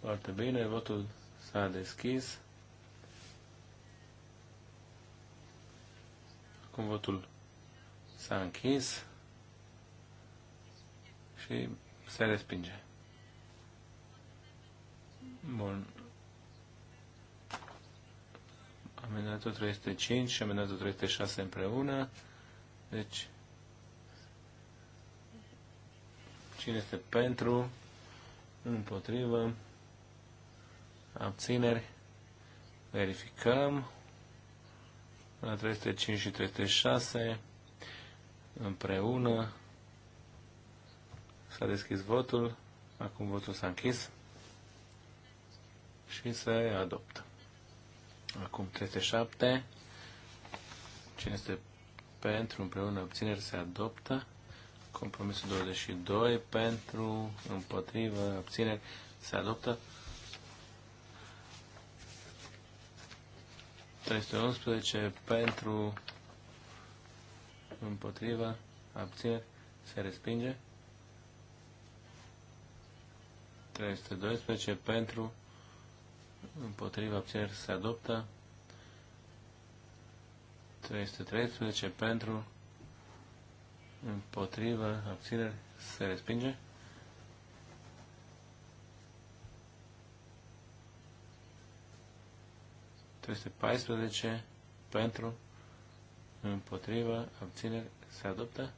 Foarte bine, votul s-a deschis. Acum votul s-a închis și se respinge. Bun. Amendatul 305 și amendatul 306 împreună. Deci, Cine este pentru? Împotrivă. Abțineri. Verificăm. La 305 și 306 împreună. S-a deschis votul. Acum votul s-a închis. Și se adoptă. Acum 307. Cine este pentru împreună obțineri se adoptă. Compromisul 22 pentru, împotrivă, abțineri se adoptă. 311 pentru, împotrivă, abțineri se respinge. 312 pentru, împotriva abțineri se adoptă. 313 pentru, împotrivă, abțineri, se respinge. Este 14 pentru, împotrivă, abțineri, se adoptă.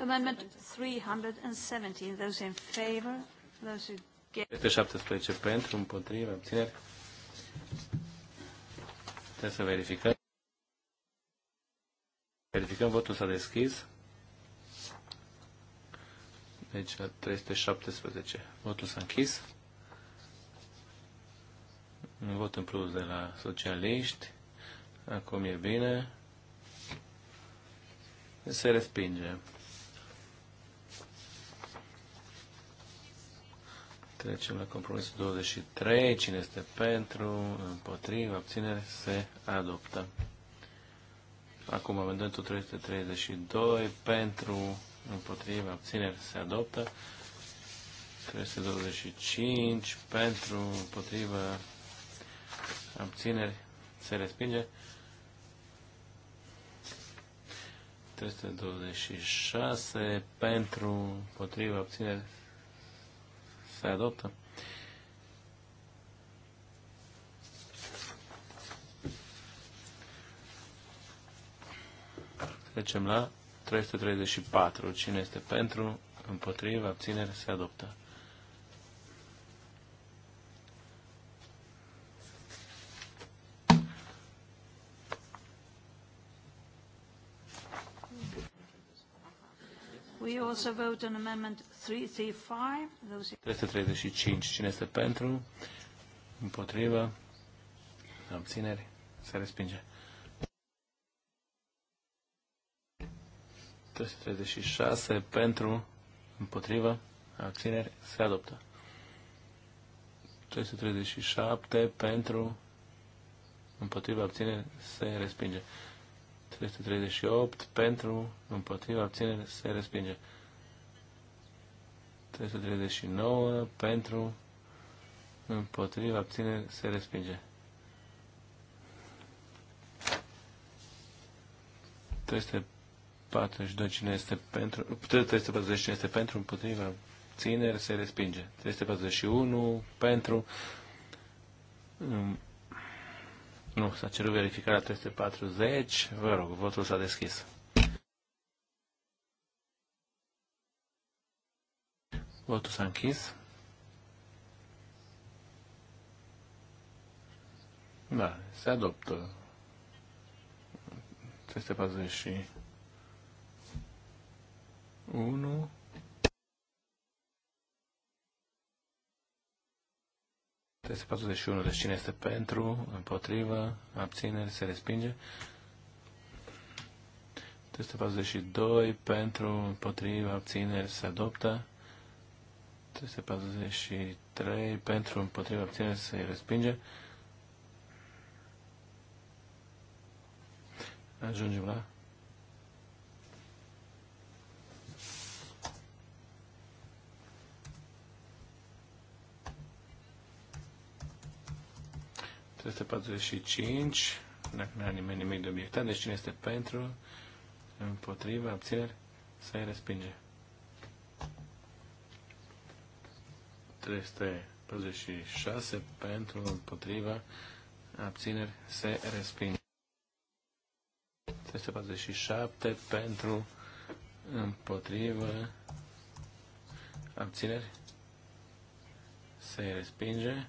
Amendment 317, those in favor, este 17 pentru, împotrivă, abțineri. Trebuie să verificăm. Verificăm, votul s-a deschis. Deci 317. Votul s-a închis. Un vot în plus de la socialiști. Acum e bine. Se respinge. Trecem la compromisul 23. Cine este pentru, împotriva, abținere, se adoptă. Acum amendamentul 332. Pentru, împotriva, abținere, se adoptă. 325. Pentru, împotriva, abținere, se respinge. 326 pentru, împotriva, abțineri, se adoptă. Trecem la 334. Cine este pentru, împotriva, abținere, se adoptă. also vote on amendment 335. 335. Cine este pentru? Împotrivă? Abțineri? Se respinge. 336 pentru, împotrivă, abțineri, se adoptă. 337 pentru, împotriva abținere, se respinge. 338 pentru, împotriva abținere, se respinge. 339 pentru, împotriva, abține, se respinge. 342 cine este pentru, 340 cine este pentru, împotriva, țineri se respinge. 341 pentru, mm, nu, s-a cerut verificarea 340, vă rog, votul s-a deschis. Votul s-a închis. Da, se adoptă. 341. Este 41, deci cine este pentru, împotrivă, abțineri, se respinge. 342, pentru, împotrivă, abțineri, se adoptă. 343 pentru împotriva abținere să-i respinge. Ajungem la este 45, dacă nu are nimeni nimic de obiectat, deci cine este pentru, împotriva, abțineri, să-i respinge. 346 pentru, împotriva, abțineri, se respinge. 347 pentru, împotriva, abțineri, se respinge.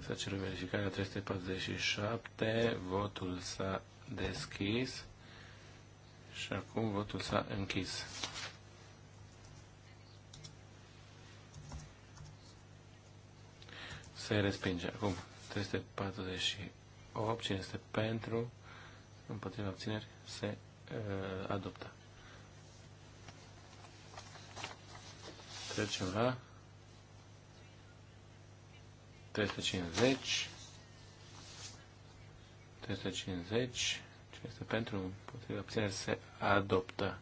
Să cerem verificarea 347, votul s-a deschis și acum votul s-a închis. se respinge. Acum, 348, cine este pentru, împotriva abțineri, se uh, adoptă. Trecem la 350. 350. Cine este pentru, împotriva abțineri, se adoptă.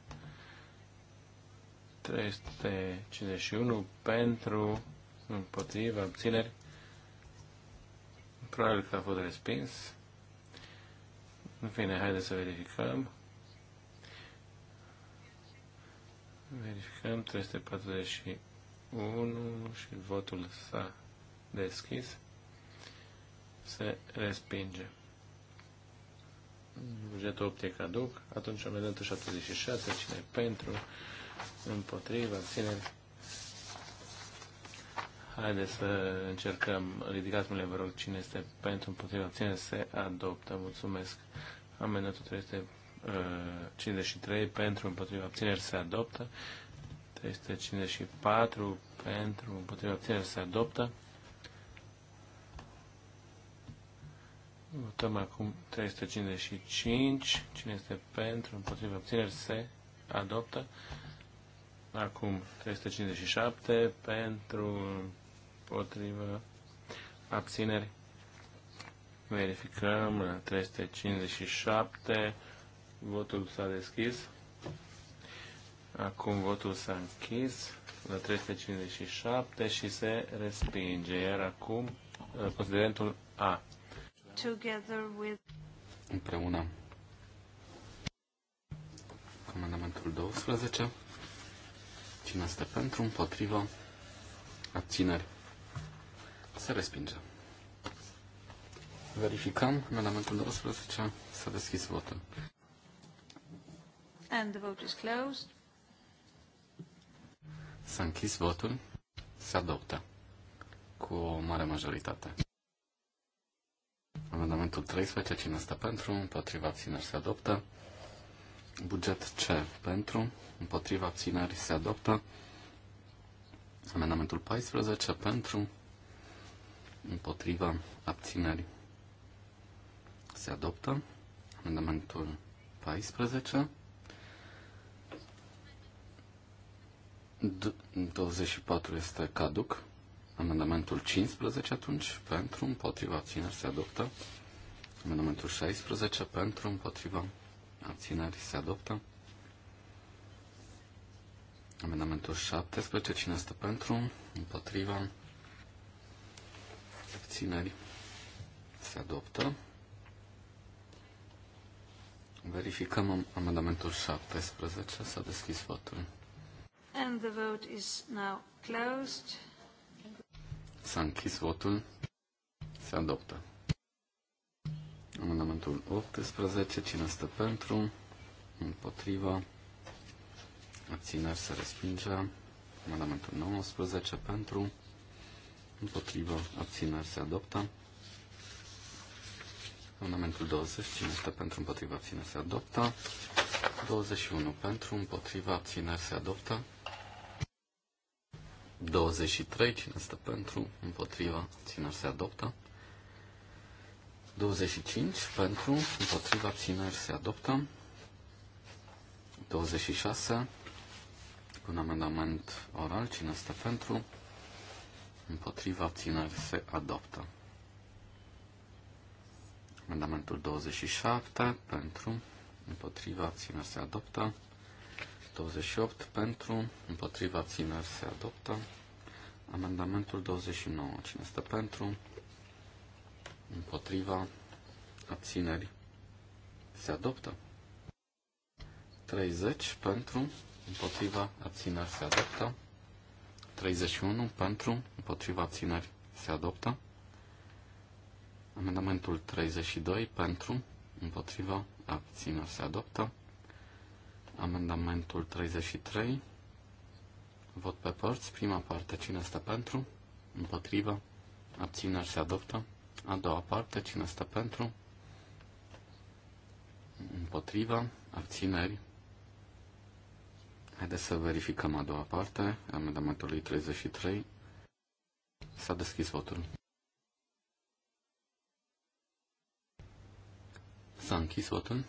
351 pentru, împotriva abțineri, Probabil că a fost respins. În fine, haideți să verificăm. Verificăm 341 și votul s-a deschis. Se respinge. Bugetul 8 e caduc. Atunci amendamentul 76. Cine pentru? Împotriva? Țineri? Haideți să încercăm. Ridicați mâinile, vă rog, cine este pentru, împotriva, cine se adoptă. Mulțumesc. Amendatul 353 uh, pentru, împotriva, abțineri, se adoptă. 354 pentru, împotriva, abțineri, se adoptă. Votăm acum 355. Cine este pentru, împotriva, abțineri, se adoptă. Acum 357 pentru, împotrivă, abțineri. Verificăm, 357, votul s-a deschis. Acum votul s-a închis la 357 și se respinge, iar acum uh, considerentul A. Together with... Împreună comandamentul 12. Cine este pentru, împotrivă, abțineri se respinge. Verificăm amendamentul 12. S-a deschis votul. And the vote is closed. S-a închis votul. Se adoptă cu o mare majoritate. Amendamentul 13. Cine stă pentru? Împotriva abțineri se adoptă. Buget C pentru, împotriva abținerii se adoptă. Amendamentul 14 pentru, împotriva abținerii. Se adoptă amendamentul 14, 24 este caduc, amendamentul 15 atunci, pentru, împotriva abținerii se adoptă, amendamentul 16 pentru, împotriva abținerii se adoptă, amendamentul 17, cine este pentru, împotriva abțineri se adoptă. Verificăm amendamentul 17. S-a deschis votul. And the vote is now closed. S-a închis votul. Se adoptă. Amendamentul 18. Cine este pentru? Împotriva. Abțineri se respinge. Amendamentul 19 pentru. Împotrivă abțineri se adoptă. Amendamentul 20. Cine este pentru împotrivă abțineri se adoptă. 21. Pentru împotrivă abțineri se adoptă. 23. Cine este pentru împotrivă abțineri se adoptă. 25. Pentru împotrivă abțineri se adoptă. 26. Un amendament oral. Cine este pentru? împotriva abțineri se adoptă. Amendamentul 27 pentru, împotriva abțineri se adoptă. 28 pentru, împotriva abțineri se adoptă. Amendamentul 29, cine este pentru, împotriva abțineri se adoptă. 30 pentru, împotriva abțineri se adoptă. 31 pentru, împotriva abțineri se adoptă. Amendamentul 32 pentru, împotriva abțineri se adoptă. Amendamentul 33, vot pe părți, prima parte, cine este pentru, împotriva, abțineri se adoptă. A doua parte, cine este pentru, împotriva, abțineri Haideți să verificăm a doua parte, amendamentului 33. S-a deschis votul. S-a închis votul.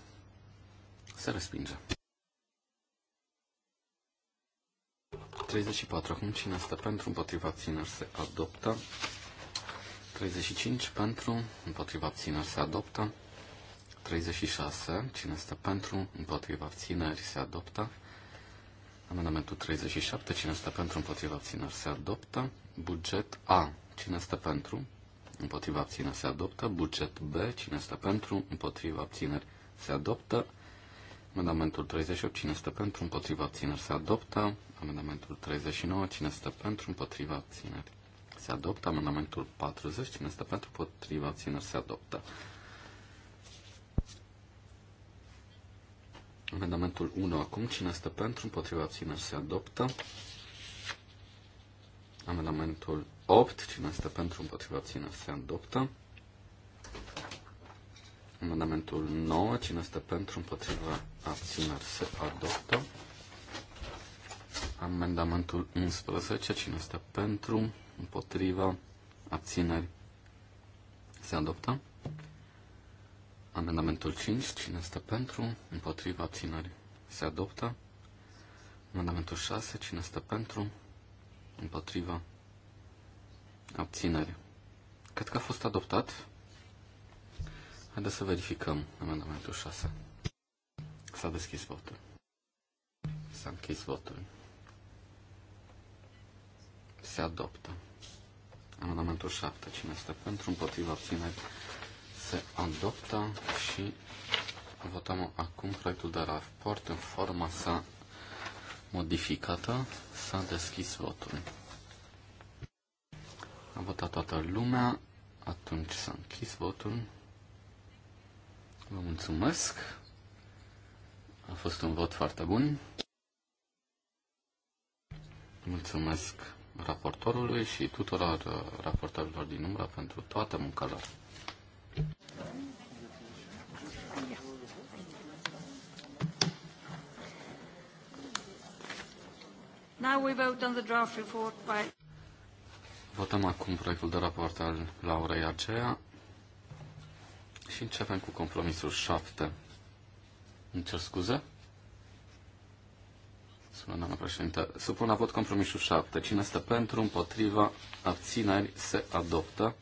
Se respinge. 34. Acum cine este pentru, împotriva abțineri se adoptă. 35. Pentru, împotriva abțineri se adoptă. 36. Cine este pentru, împotriva abțineri se adoptă. Amendamentul 37. Cine este pentru? Împotriva abținere se adoptă. Buget A. Cine este pentru? Împotriva abținere se adoptă. Buget B. Cine este pentru? Împotriva abținere se adoptă. Amendamentul 38. Cine este pentru? Împotriva abținere se adoptă. Amendamentul 39. Cine este pentru? Împotriva abținere se adoptă. Amendamentul 40. Cine este pentru? Împotriva abținere se adoptă. Amendamentul 1 acum. Cine este pentru? Împotriva abțineri se adoptă. Amendamentul 8. Cine este pentru? Împotriva abțineri se adoptă. Amendamentul 9. Cine este pentru? Împotriva abțineri se adoptă. Amendamentul 11. Cine este pentru? Împotriva abțineri se adoptă. Amendamentul 5, cine stă pentru, împotriva abținerii, se adoptă. Amendamentul 6, cine stă pentru, împotriva abținerii. Cred că a fost adoptat. Haideți să verificăm amendamentul 6. S-a deschis votul. S-a închis votul. Se adoptă. Amendamentul 7. Cine este pentru? Împotriva abțineri se adoptă și votăm acum proiectul de raport în forma sa modificată. S-a deschis votul. A votat toată lumea, atunci s-a închis votul. Vă mulțumesc. A fost un vot foarte bun. Mulțumesc raportorului și tuturor raportorilor din umbra pentru toată munca lor. Now we vote on the draft report by... Votăm acum proiectul de raport al Laurei Arcea și începem cu compromisul 7. Îmi cer scuze? Sună, doamna președinte. Supun la vot compromisul 7. Cine este pentru, împotriva, abțineri, se adoptă.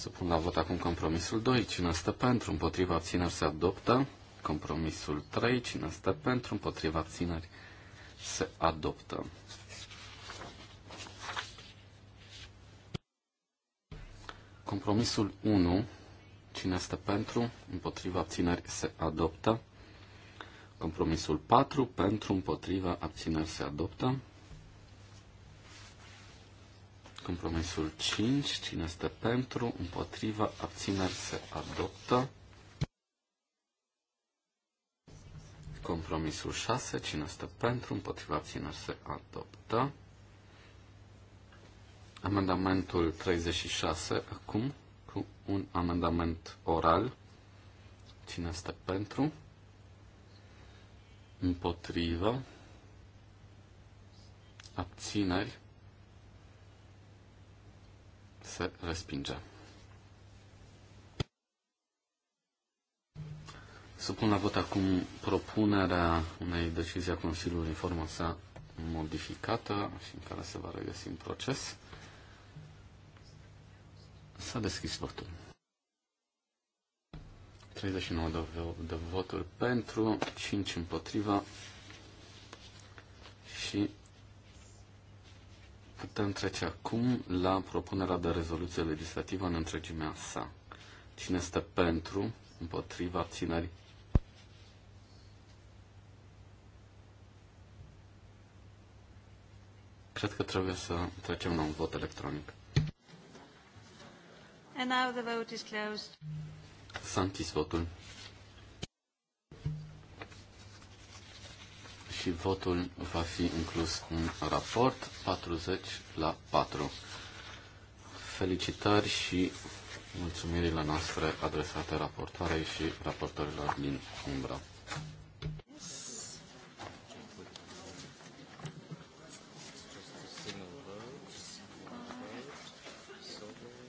Supun la vot acum compromisul 2. Cine stă pentru, împotriva abțineri se adoptă. Compromisul 3. Cine stă pentru, împotriva abțineri se adoptă. Compromisul 1. Cine stă pentru, împotriva abțineri se adoptă. Compromisul 4. Pentru, împotriva abțineri se adoptă. Compromisul 5. Cine este pentru? Împotriva. Abțineri se adoptă. Compromisul 6. Cine este pentru? Împotriva. Abțineri se adoptă. Amendamentul 36. Acum cu un amendament oral. Cine este pentru? Împotriva. Abțineri se respinge. Supun la vot acum propunerea unei decizii a Consiliului în forma sa modificată și în care se va regăsi în proces. S-a deschis votul. 39 de, de voturi pentru, 5 împotriva și Putem trece acum la propunerea de rezoluție legislativă în întregimea sa. Cine este pentru, împotriva, abțineri? Cred că trebuie să trecem la un vot electronic. And now the vote is closed. s votul. și votul va fi inclus în raport 40 la 4. Felicitări și mulțumirile noastre adresate raportoarei și raportorilor din Umbra.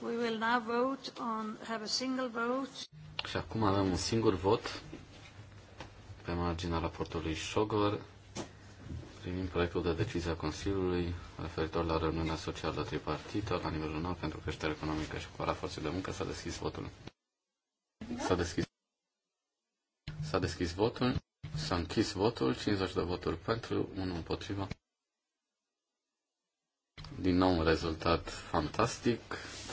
We will now vote on, have a single vote. Și acum avem un singur vot pe marginea raportului Șogor primim proiectul de decizie a Consiliului referitor la reuniunea socială tripartită la nivelul nou pentru creștere economică și cu forței de muncă. S-a deschis votul. S-a deschis. S-a deschis votul. S-a închis votul. 50 de voturi pentru, 1 împotriva. Din nou un rezultat fantastic.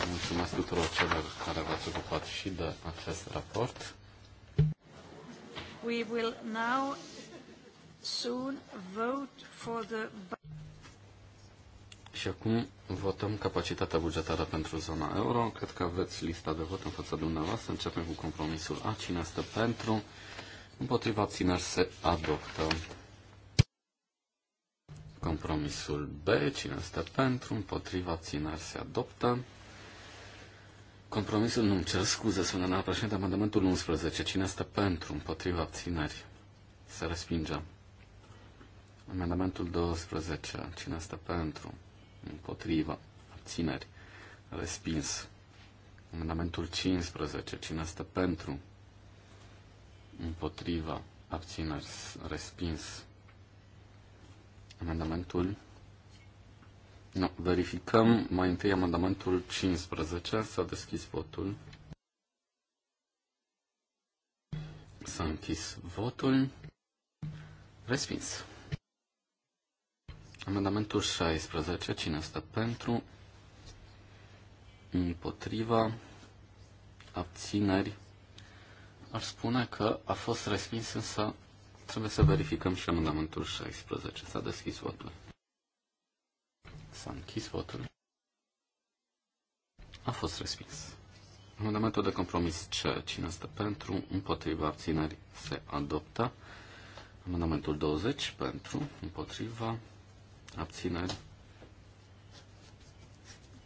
Mulțumesc tuturor celor care v-ați ocupat și de acest raport. We will now soon vote for the... Și acum votăm capacitatea bugetară pentru zona euro. Cred că aveți lista de vot în fața dumneavoastră. Începem cu compromisul A. Cine stă pentru? Împotriva țineri se adoptă. Compromisul B. Cine stă pentru? Împotriva țineri se adoptă. Compromisul, nu-mi cer scuze, sună doamna președinte, amendamentul 11. Cine stă pentru? Împotriva țineri se respinge. Amendamentul 12. Cine este pentru? Împotrivă. Abțineri. Respins. Amendamentul 15. Cine este pentru? Împotriva. Abțineri. Respins. Amendamentul. Nu. Verificăm mai întâi amendamentul 15. S-a deschis votul. S-a închis votul. Respins. Amendamentul 16. Cine stă pentru? Împotriva? Abțineri? Ar spune că a fost respins, însă trebuie să verificăm și amendamentul 16. S-a deschis votul. S-a închis votul. A fost respins. Amendamentul de compromis C. Cine stă pentru? Împotriva abțineri se adoptă. Amendamentul 20 pentru, împotriva, abțineri.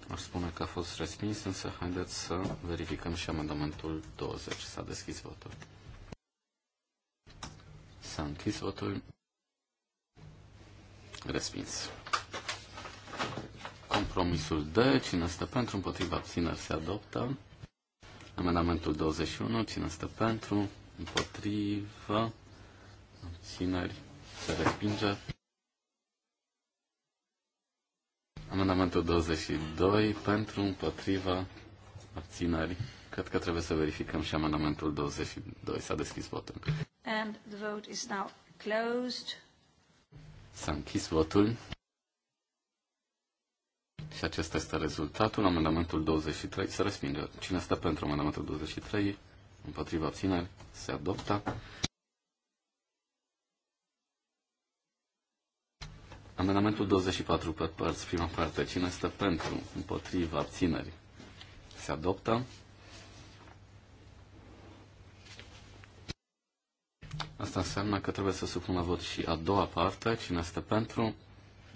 Aș spune că a fost respins, însă haideți să verificăm și amendamentul 20. S-a deschis votul. S-a închis votul. Respins. Compromisul D. Cine stă pentru, împotriva abțineri se adoptă. Amendamentul 21. Cine stă pentru, împotriva abțineri se respinge. Amendamentul 22 pentru, împotriva, abținări. Cred că trebuie să verificăm și amendamentul 22. S-a deschis votul. And the vote is now closed. S-a închis votul. Și acesta este rezultatul. Amendamentul 23 se respinge. Cine stă pentru amendamentul 23? Împotriva abțineri? Se adoptă. Amendamentul 24 pe părți, prima parte. Cine stă pentru? Împotriva abțineri. Se adoptă. Asta înseamnă că trebuie să supun la vot și a doua parte. Cine stă pentru?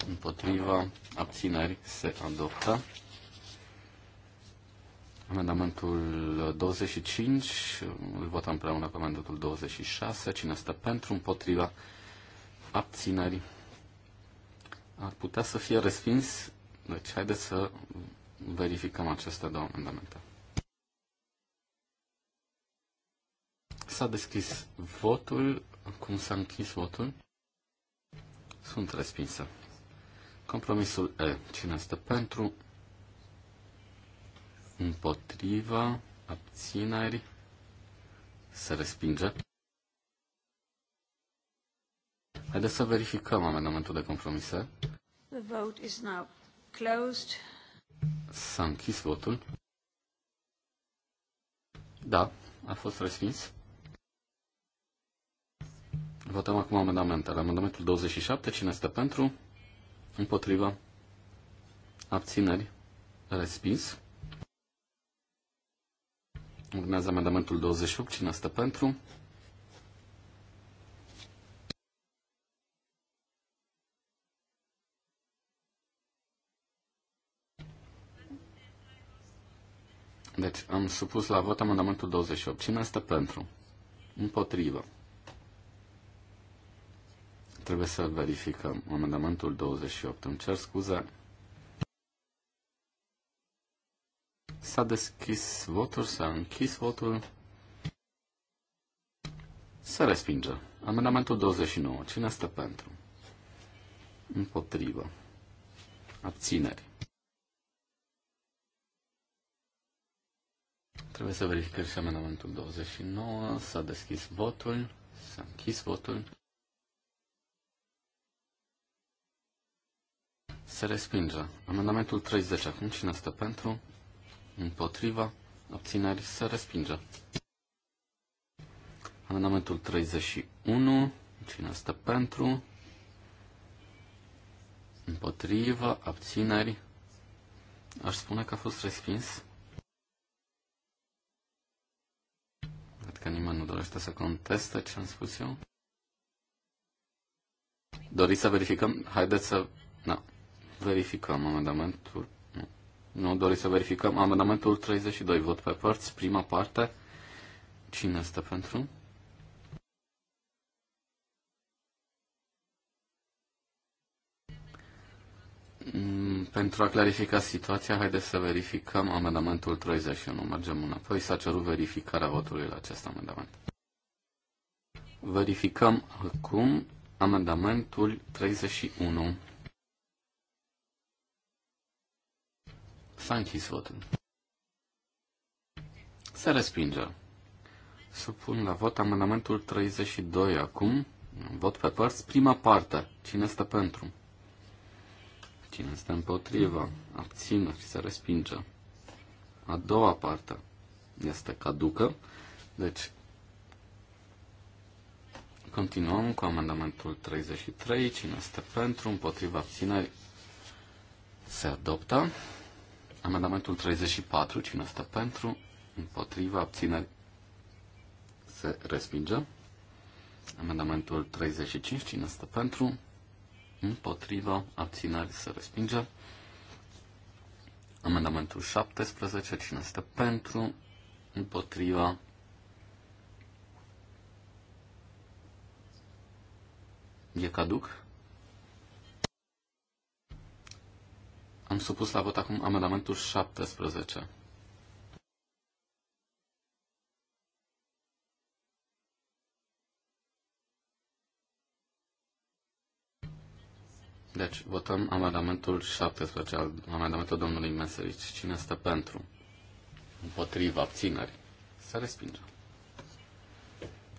Împotriva abțineri. Se adoptă. Amendamentul 25, îl votăm împreună cu amendamentul 26. Cine stă pentru? Împotriva abținerii ar putea să fie respins. Deci, haideți să verificăm aceste două amendamente. S-a deschis votul. Cum s-a închis votul? Sunt respinsă. Compromisul E. Cine este pentru? Împotriva. Abțineri. Se respinge. Haideți să verificăm amendamentul de compromisă. The vote is now closed. S-a închis votul. Da, a fost respins. Votăm acum amendamentele. Amendamentul 27, cine este pentru? Împotriva. Abțineri. Respins. Urmează amendamentul 28, cine este pentru? Deci am supus la vot amendamentul 28. Cine este pentru? Împotrivă. Trebuie să verificăm amendamentul 28. Îmi cer scuze. S-a deschis votul, s-a închis votul. Se respinge. Amendamentul 29. Cine este pentru? Împotrivă. Abțineri. Trebuie să verificăm și amendamentul 29. S-a deschis votul. S-a închis votul. Se respinge. Amendamentul 30. Acum cine stă pentru? Împotriva? Abțineri? Se respinge. Amendamentul 31. Cine stă pentru? Împotriva? Abțineri? Aș spune că a fost respins. cred că nimeni nu dorește să conteste ce am spus eu. Doriți să verificăm? Haideți să... Na, Verificăm amendamentul... Nu. nu doriți să verificăm amendamentul 32. Vot pe părți. Prima parte. Cine este pentru? Mm, pentru a clarifica situația, haideți să verificăm amendamentul 31. Mergem înapoi. S-a cerut verificarea votului la acest amendament. Verificăm acum amendamentul 31. S-a închis votul. Se respinge. Supun la vot amendamentul 32 acum. Vot pe părți. Prima parte. Cine este pentru? Cine este împotriva? și Se respinge. A doua parte este caducă. Deci, continuăm cu amendamentul 33. Cine este pentru? Împotriva abține, Se adoptă. Amendamentul 34. Cine este pentru? Împotriva abține, Se respinge. Amendamentul 35. Cine este pentru? Împotrivă, abțineri se respinge. Amendamentul 17, cine este pentru, Împotrivă. e caduc. Am supus la vot acum amendamentul 17. Deci, votăm amendamentul 17, amendamentul domnului Meserici. Cine este pentru? Împotriva, abțineri. Se respinge.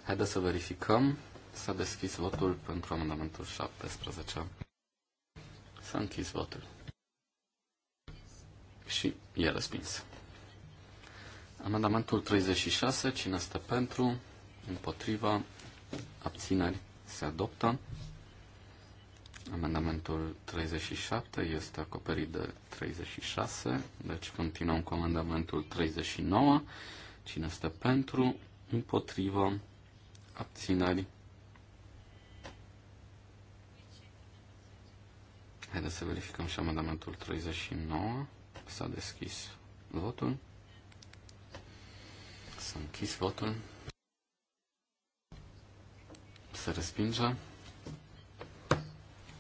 Haideți să verificăm. S-a deschis votul pentru amendamentul 17. S-a închis votul. Și e respins. Amendamentul 36. Cine este pentru? Împotriva? Abțineri? Se adoptă. Amendamentul 37 este acoperit de 36, deci continuăm cu amendamentul 39. Cine este pentru, împotrivă, abțineri. Haideți să verificăm și amendamentul 39. S-a deschis votul. S-a închis votul. Se respinge.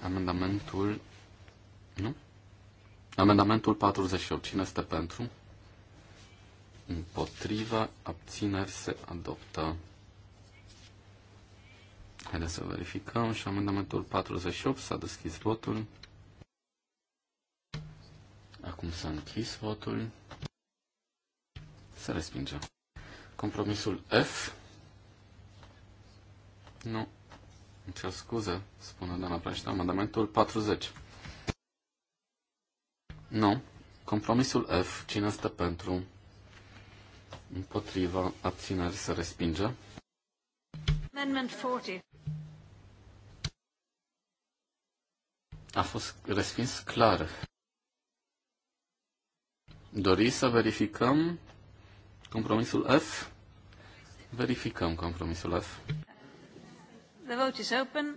Amendamentul... Nu? Amendamentul 48. Cine este pentru? Împotriva. Abțineri se adoptă. Haideți să verificăm. Și amendamentul 48 s-a deschis votul. Acum s-a închis votul. Se respinge. Compromisul F. Nu. Îmi cer scuze, spune doamna președinte, amendamentul 40. Nu. Compromisul F, cine stă pentru, împotriva, abțineri, să respinge. Amendment 40. A fost respins clar. Doriți să verificăm compromisul F? Verificăm compromisul F. The vote is open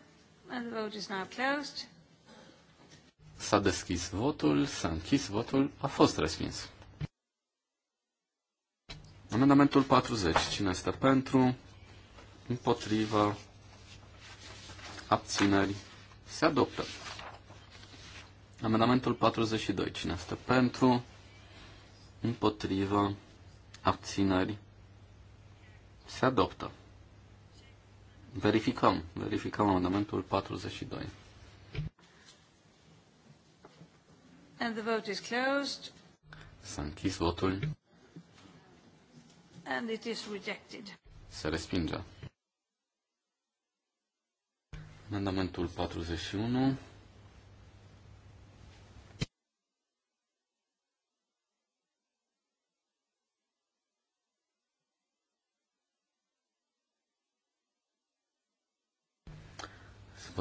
and the vote is now closed. S-a deschis votul, s-a închis votul, a fost respins. Amendamentul 40. Cine este pentru? Împotrivă? Abțineri? Se adoptă. Amendamentul 42. Cine este pentru? Împotrivă? Abțineri? Se adoptă. Verificăm. Verificăm amendamentul 42. And the vote is closed. S-a închis votul. And it is rejected. Se respinge. Amendamentul 41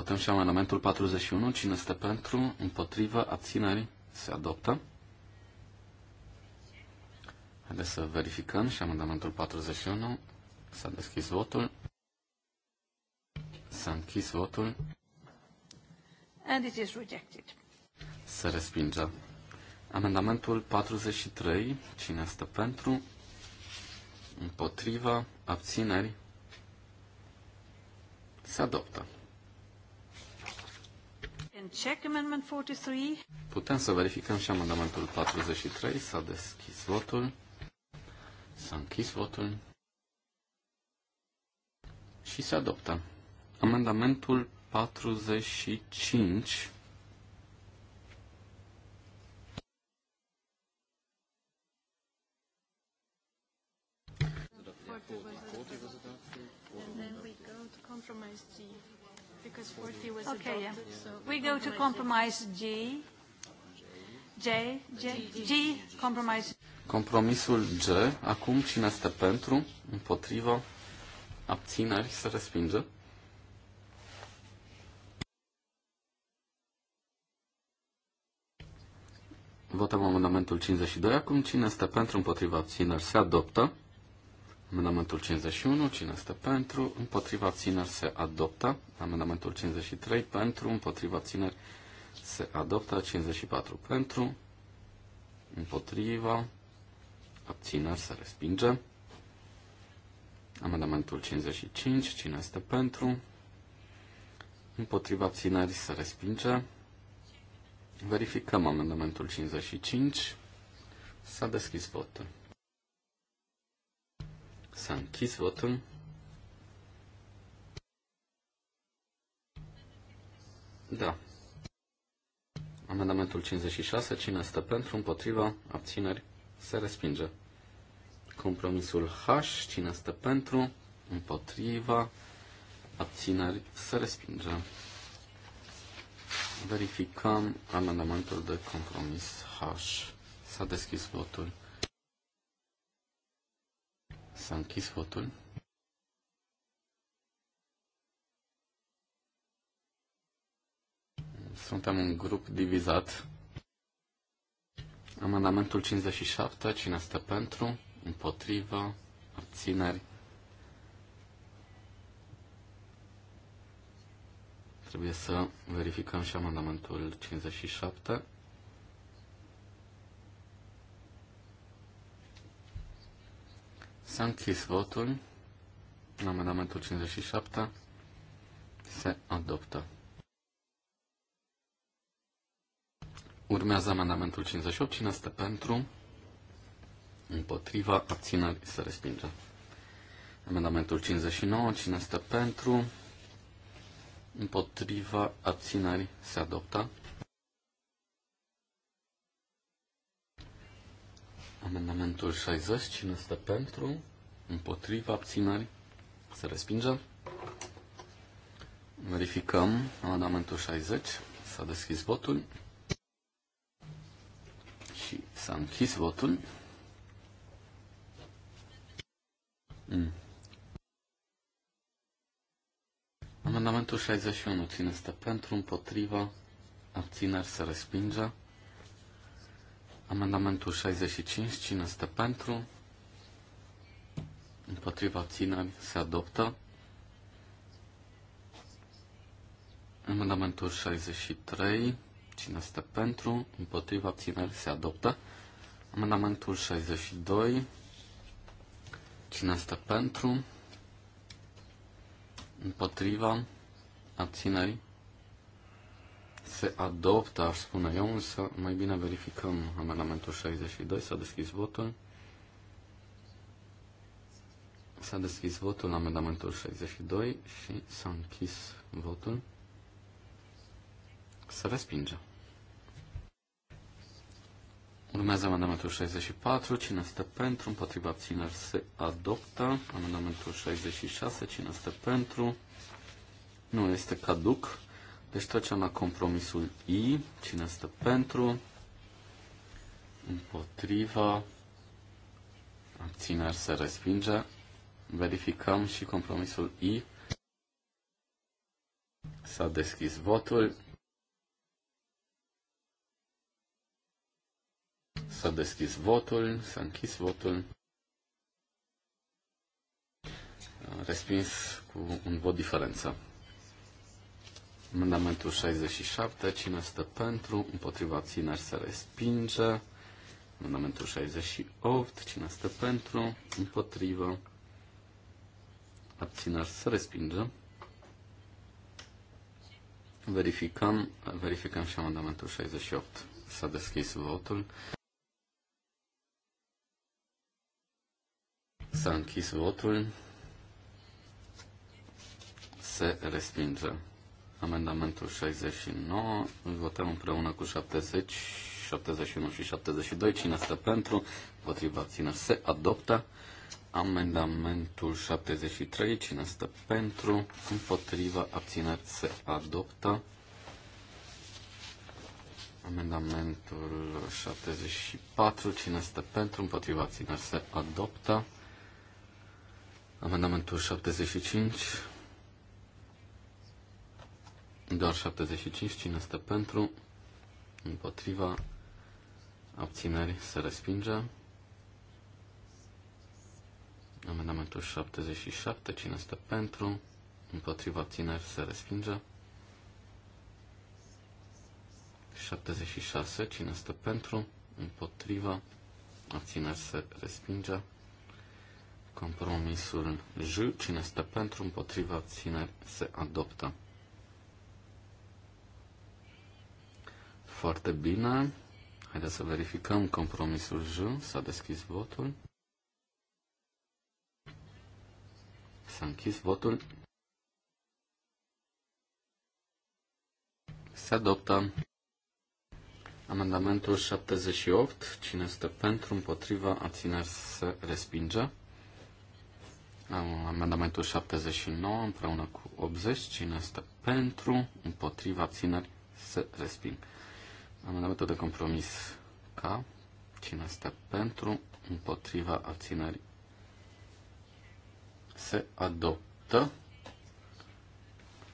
Votăm și amendamentul 41. Cine este pentru? Împotrivă? Abțineri? Se adoptă. Haideți să verificăm și amendamentul 41. S-a deschis votul. S-a închis votul. And it is rejected. Se respinge. Amendamentul 43. Cine este pentru? Împotriva? Abțineri? Se adoptă. Putem să verificăm și amendamentul 43. S-a deschis votul. S-a închis votul. Și se adoptă. Amendamentul 45. And then we go to compromise G because 40 was okay, adopted. Yeah. So we go to compromise G. J, G, G, compromise. Compromisul G, acum cine este pentru, împotriva, abțineri, se respinge. Votăm amendamentul 52. Acum cine este pentru, împotriva, abțineri, se adoptă. Amendamentul 51, cine este pentru, împotriva țineri se adoptă. Amendamentul 53, pentru, împotriva țineri se adoptă. 54, pentru, împotriva, abțineri se respinge. Amendamentul 55, cine este pentru, împotriva abțineri se respinge. Verificăm amendamentul 55. S-a deschis votul. S-a închis votul. Da. Amendamentul 56, cine stă pentru, împotriva, abțineri, se respinge. Compromisul H, cine stă pentru, împotriva, abțineri, se respinge. Verificăm amendamentul de compromis H. S-a deschis votul. S-a închis votul. Suntem un grup divizat. Amendamentul 57, cine este pentru, împotrivă, abțineri. Trebuie să verificăm și amendamentul 57. S-a închis votul. Amendamentul 57 se adoptă. Urmează amendamentul 58. Cine este pentru? Împotriva. Abțineri. Se respinge. Amendamentul 59. Cine este pentru? Împotriva. Abțineri. Se adoptă. Amendamentul 60. Cine este pentru? Împotriva abțineri? Se respinge. Verificăm amendamentul 60. S-a deschis votul. Și s-a închis votul. Mm. Amendamentul 61. Cine este pentru? Împotriva? Abțineri? Se respinge. Amendamentul 65, cine este pentru? Împotriva țineri se adoptă. Amendamentul 63, cine este pentru? Împotriva țineri se adoptă. Amendamentul 62, cine este pentru? Împotriva abțineri se adoptă, ar spune eu, însă mai bine verificăm amendamentul 62, s-a deschis votul. S-a deschis votul amendamentul 62 și s-a închis votul. Se respinge. Urmează amendamentul 64. Cine stă pentru? Împotriva abțineri se adoptă. Amendamentul 66. Cine stă pentru? Nu este caduc. Deci trecem la compromisul I. Cine stă pentru? Împotriva. Abțineri se respinge. Verificăm și compromisul I. S-a deschis votul. S-a deschis votul, s-a închis votul. respins cu un vot diferență. Mandamentul 67, cine stă pentru, împotriva țineri se respinge. Mandamentul 68, cine stă pentru, împotriva abțineri se respinge. Verificăm, verificăm și amendamentul 68. S-a deschis votul. S-a închis votul. Se respinge. Amendamentul 69, îl votăm împreună cu 70, 71 și 72. Cine este pentru? Potriva abțineri se adoptă. Amendamentul 73, cine este pentru? Împotriva abțineri se adoptă. Amendamentul 74, cine este pentru? Împotriva abțineri se adoptă. Amendamentul 75, doar 75. Cine este pentru? Împotriva. Abțineri se respinge. Amendamentul 77. Cine este pentru? Împotriva abțineri se respinge. 76. Cine este pentru? Împotriva abțineri se respinge. Compromisul J. Cine este pentru? Împotriva abțineri se adoptă. Foarte bine. Haideți să verificăm compromisul J. S-a deschis votul. S-a închis votul. Se adoptă amendamentul 78. Cine este pentru, împotriva, abțineri se respinge. Amendamentul 79 împreună cu 80. Cine este pentru, împotriva, abțineri se respinge. Amendamentul de compromis K. Cine este pentru? Împotriva abținerii. Se adoptă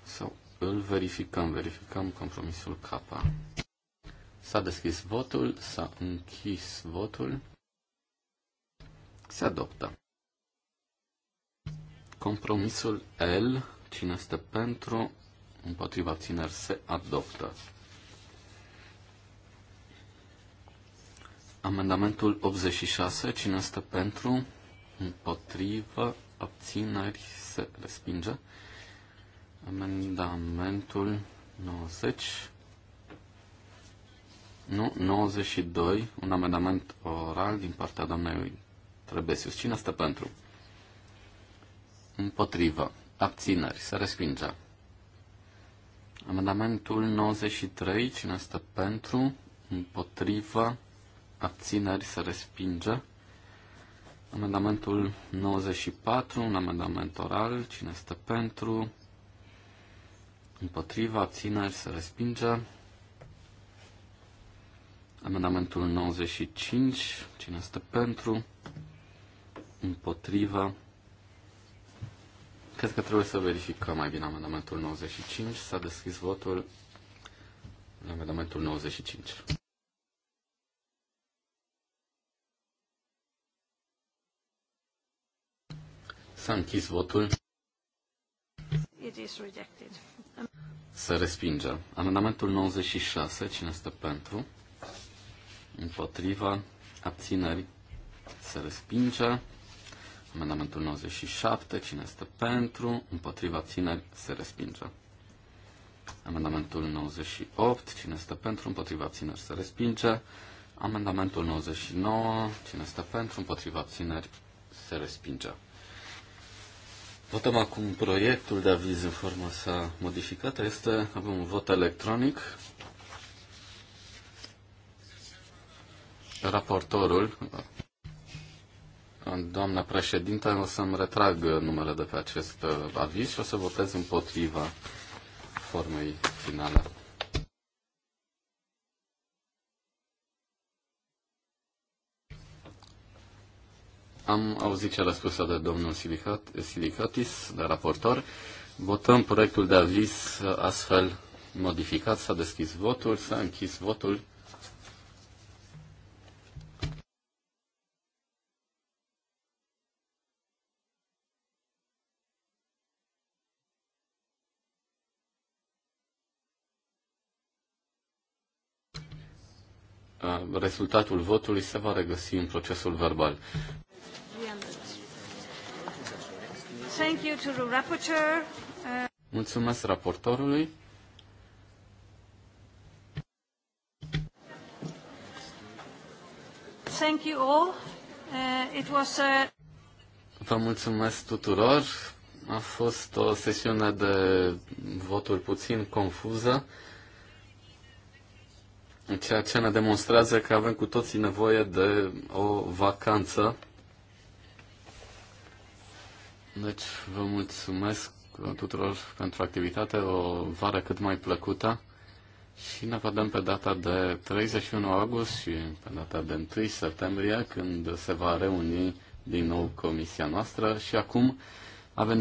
sau îl verificăm. Verificăm compromisul K. S-a deschis votul, s-a închis votul. Se adoptă. Compromisul L, cine este pentru, împotriva abțineri, se adoptă. Amendamentul 86, cine este pentru, împotrivă, abțineri, se respinge. Amendamentul 90, nu, 92, un amendament oral din partea doamnei Trebesius. Cine este pentru? Împotrivă, abțineri, se respinge. Amendamentul 93, cine este pentru, împotrivă, abțineri se respinge. Amendamentul 94, un amendament oral, cine este pentru, împotriva, abțineri se respinge. Amendamentul 95, cine este pentru, împotriva, Cred că trebuie să verificăm mai bine amendamentul 95. S-a deschis votul la amendamentul 95. S-a închis votul. It is rejected. Se respinge. Amendamentul 96, cine este pentru? Împotriva, abțineri, se respinge. Amendamentul 97, cine este pentru? Împotriva, abțineri, se respinge. Amendamentul 98, cine este pentru? Împotriva, abțineri, se respinge. Amendamentul 99, cine este pentru? Împotriva, abțineri, se respinge. Votăm acum proiectul de aviz în forma sa modificată. Este, avem un vot electronic. Raportorul, doamna președinte, o să-mi retrag numele de pe acest aviz și o să votez împotriva formei finale. Am auzit a răspuns de domnul Silicat, Silicatis, de raportor. Votăm proiectul de aviz astfel modificat. S-a deschis votul, s-a închis votul. Rezultatul votului se va regăsi în procesul verbal. Thank you to the rapporteur. Uh, mulțumesc raportorului. Thank you all. Uh, it was a... Vă mulțumesc tuturor. A fost o sesiune de voturi puțin confuză, ceea ce ne demonstrează că avem cu toții nevoie de o vacanță deci, vă mulțumesc tuturor pentru activitate, o vară cât mai plăcută și ne vedem pe data de 31 august și pe data de 1 septembrie, când se va reuni din nou comisia noastră și acum avem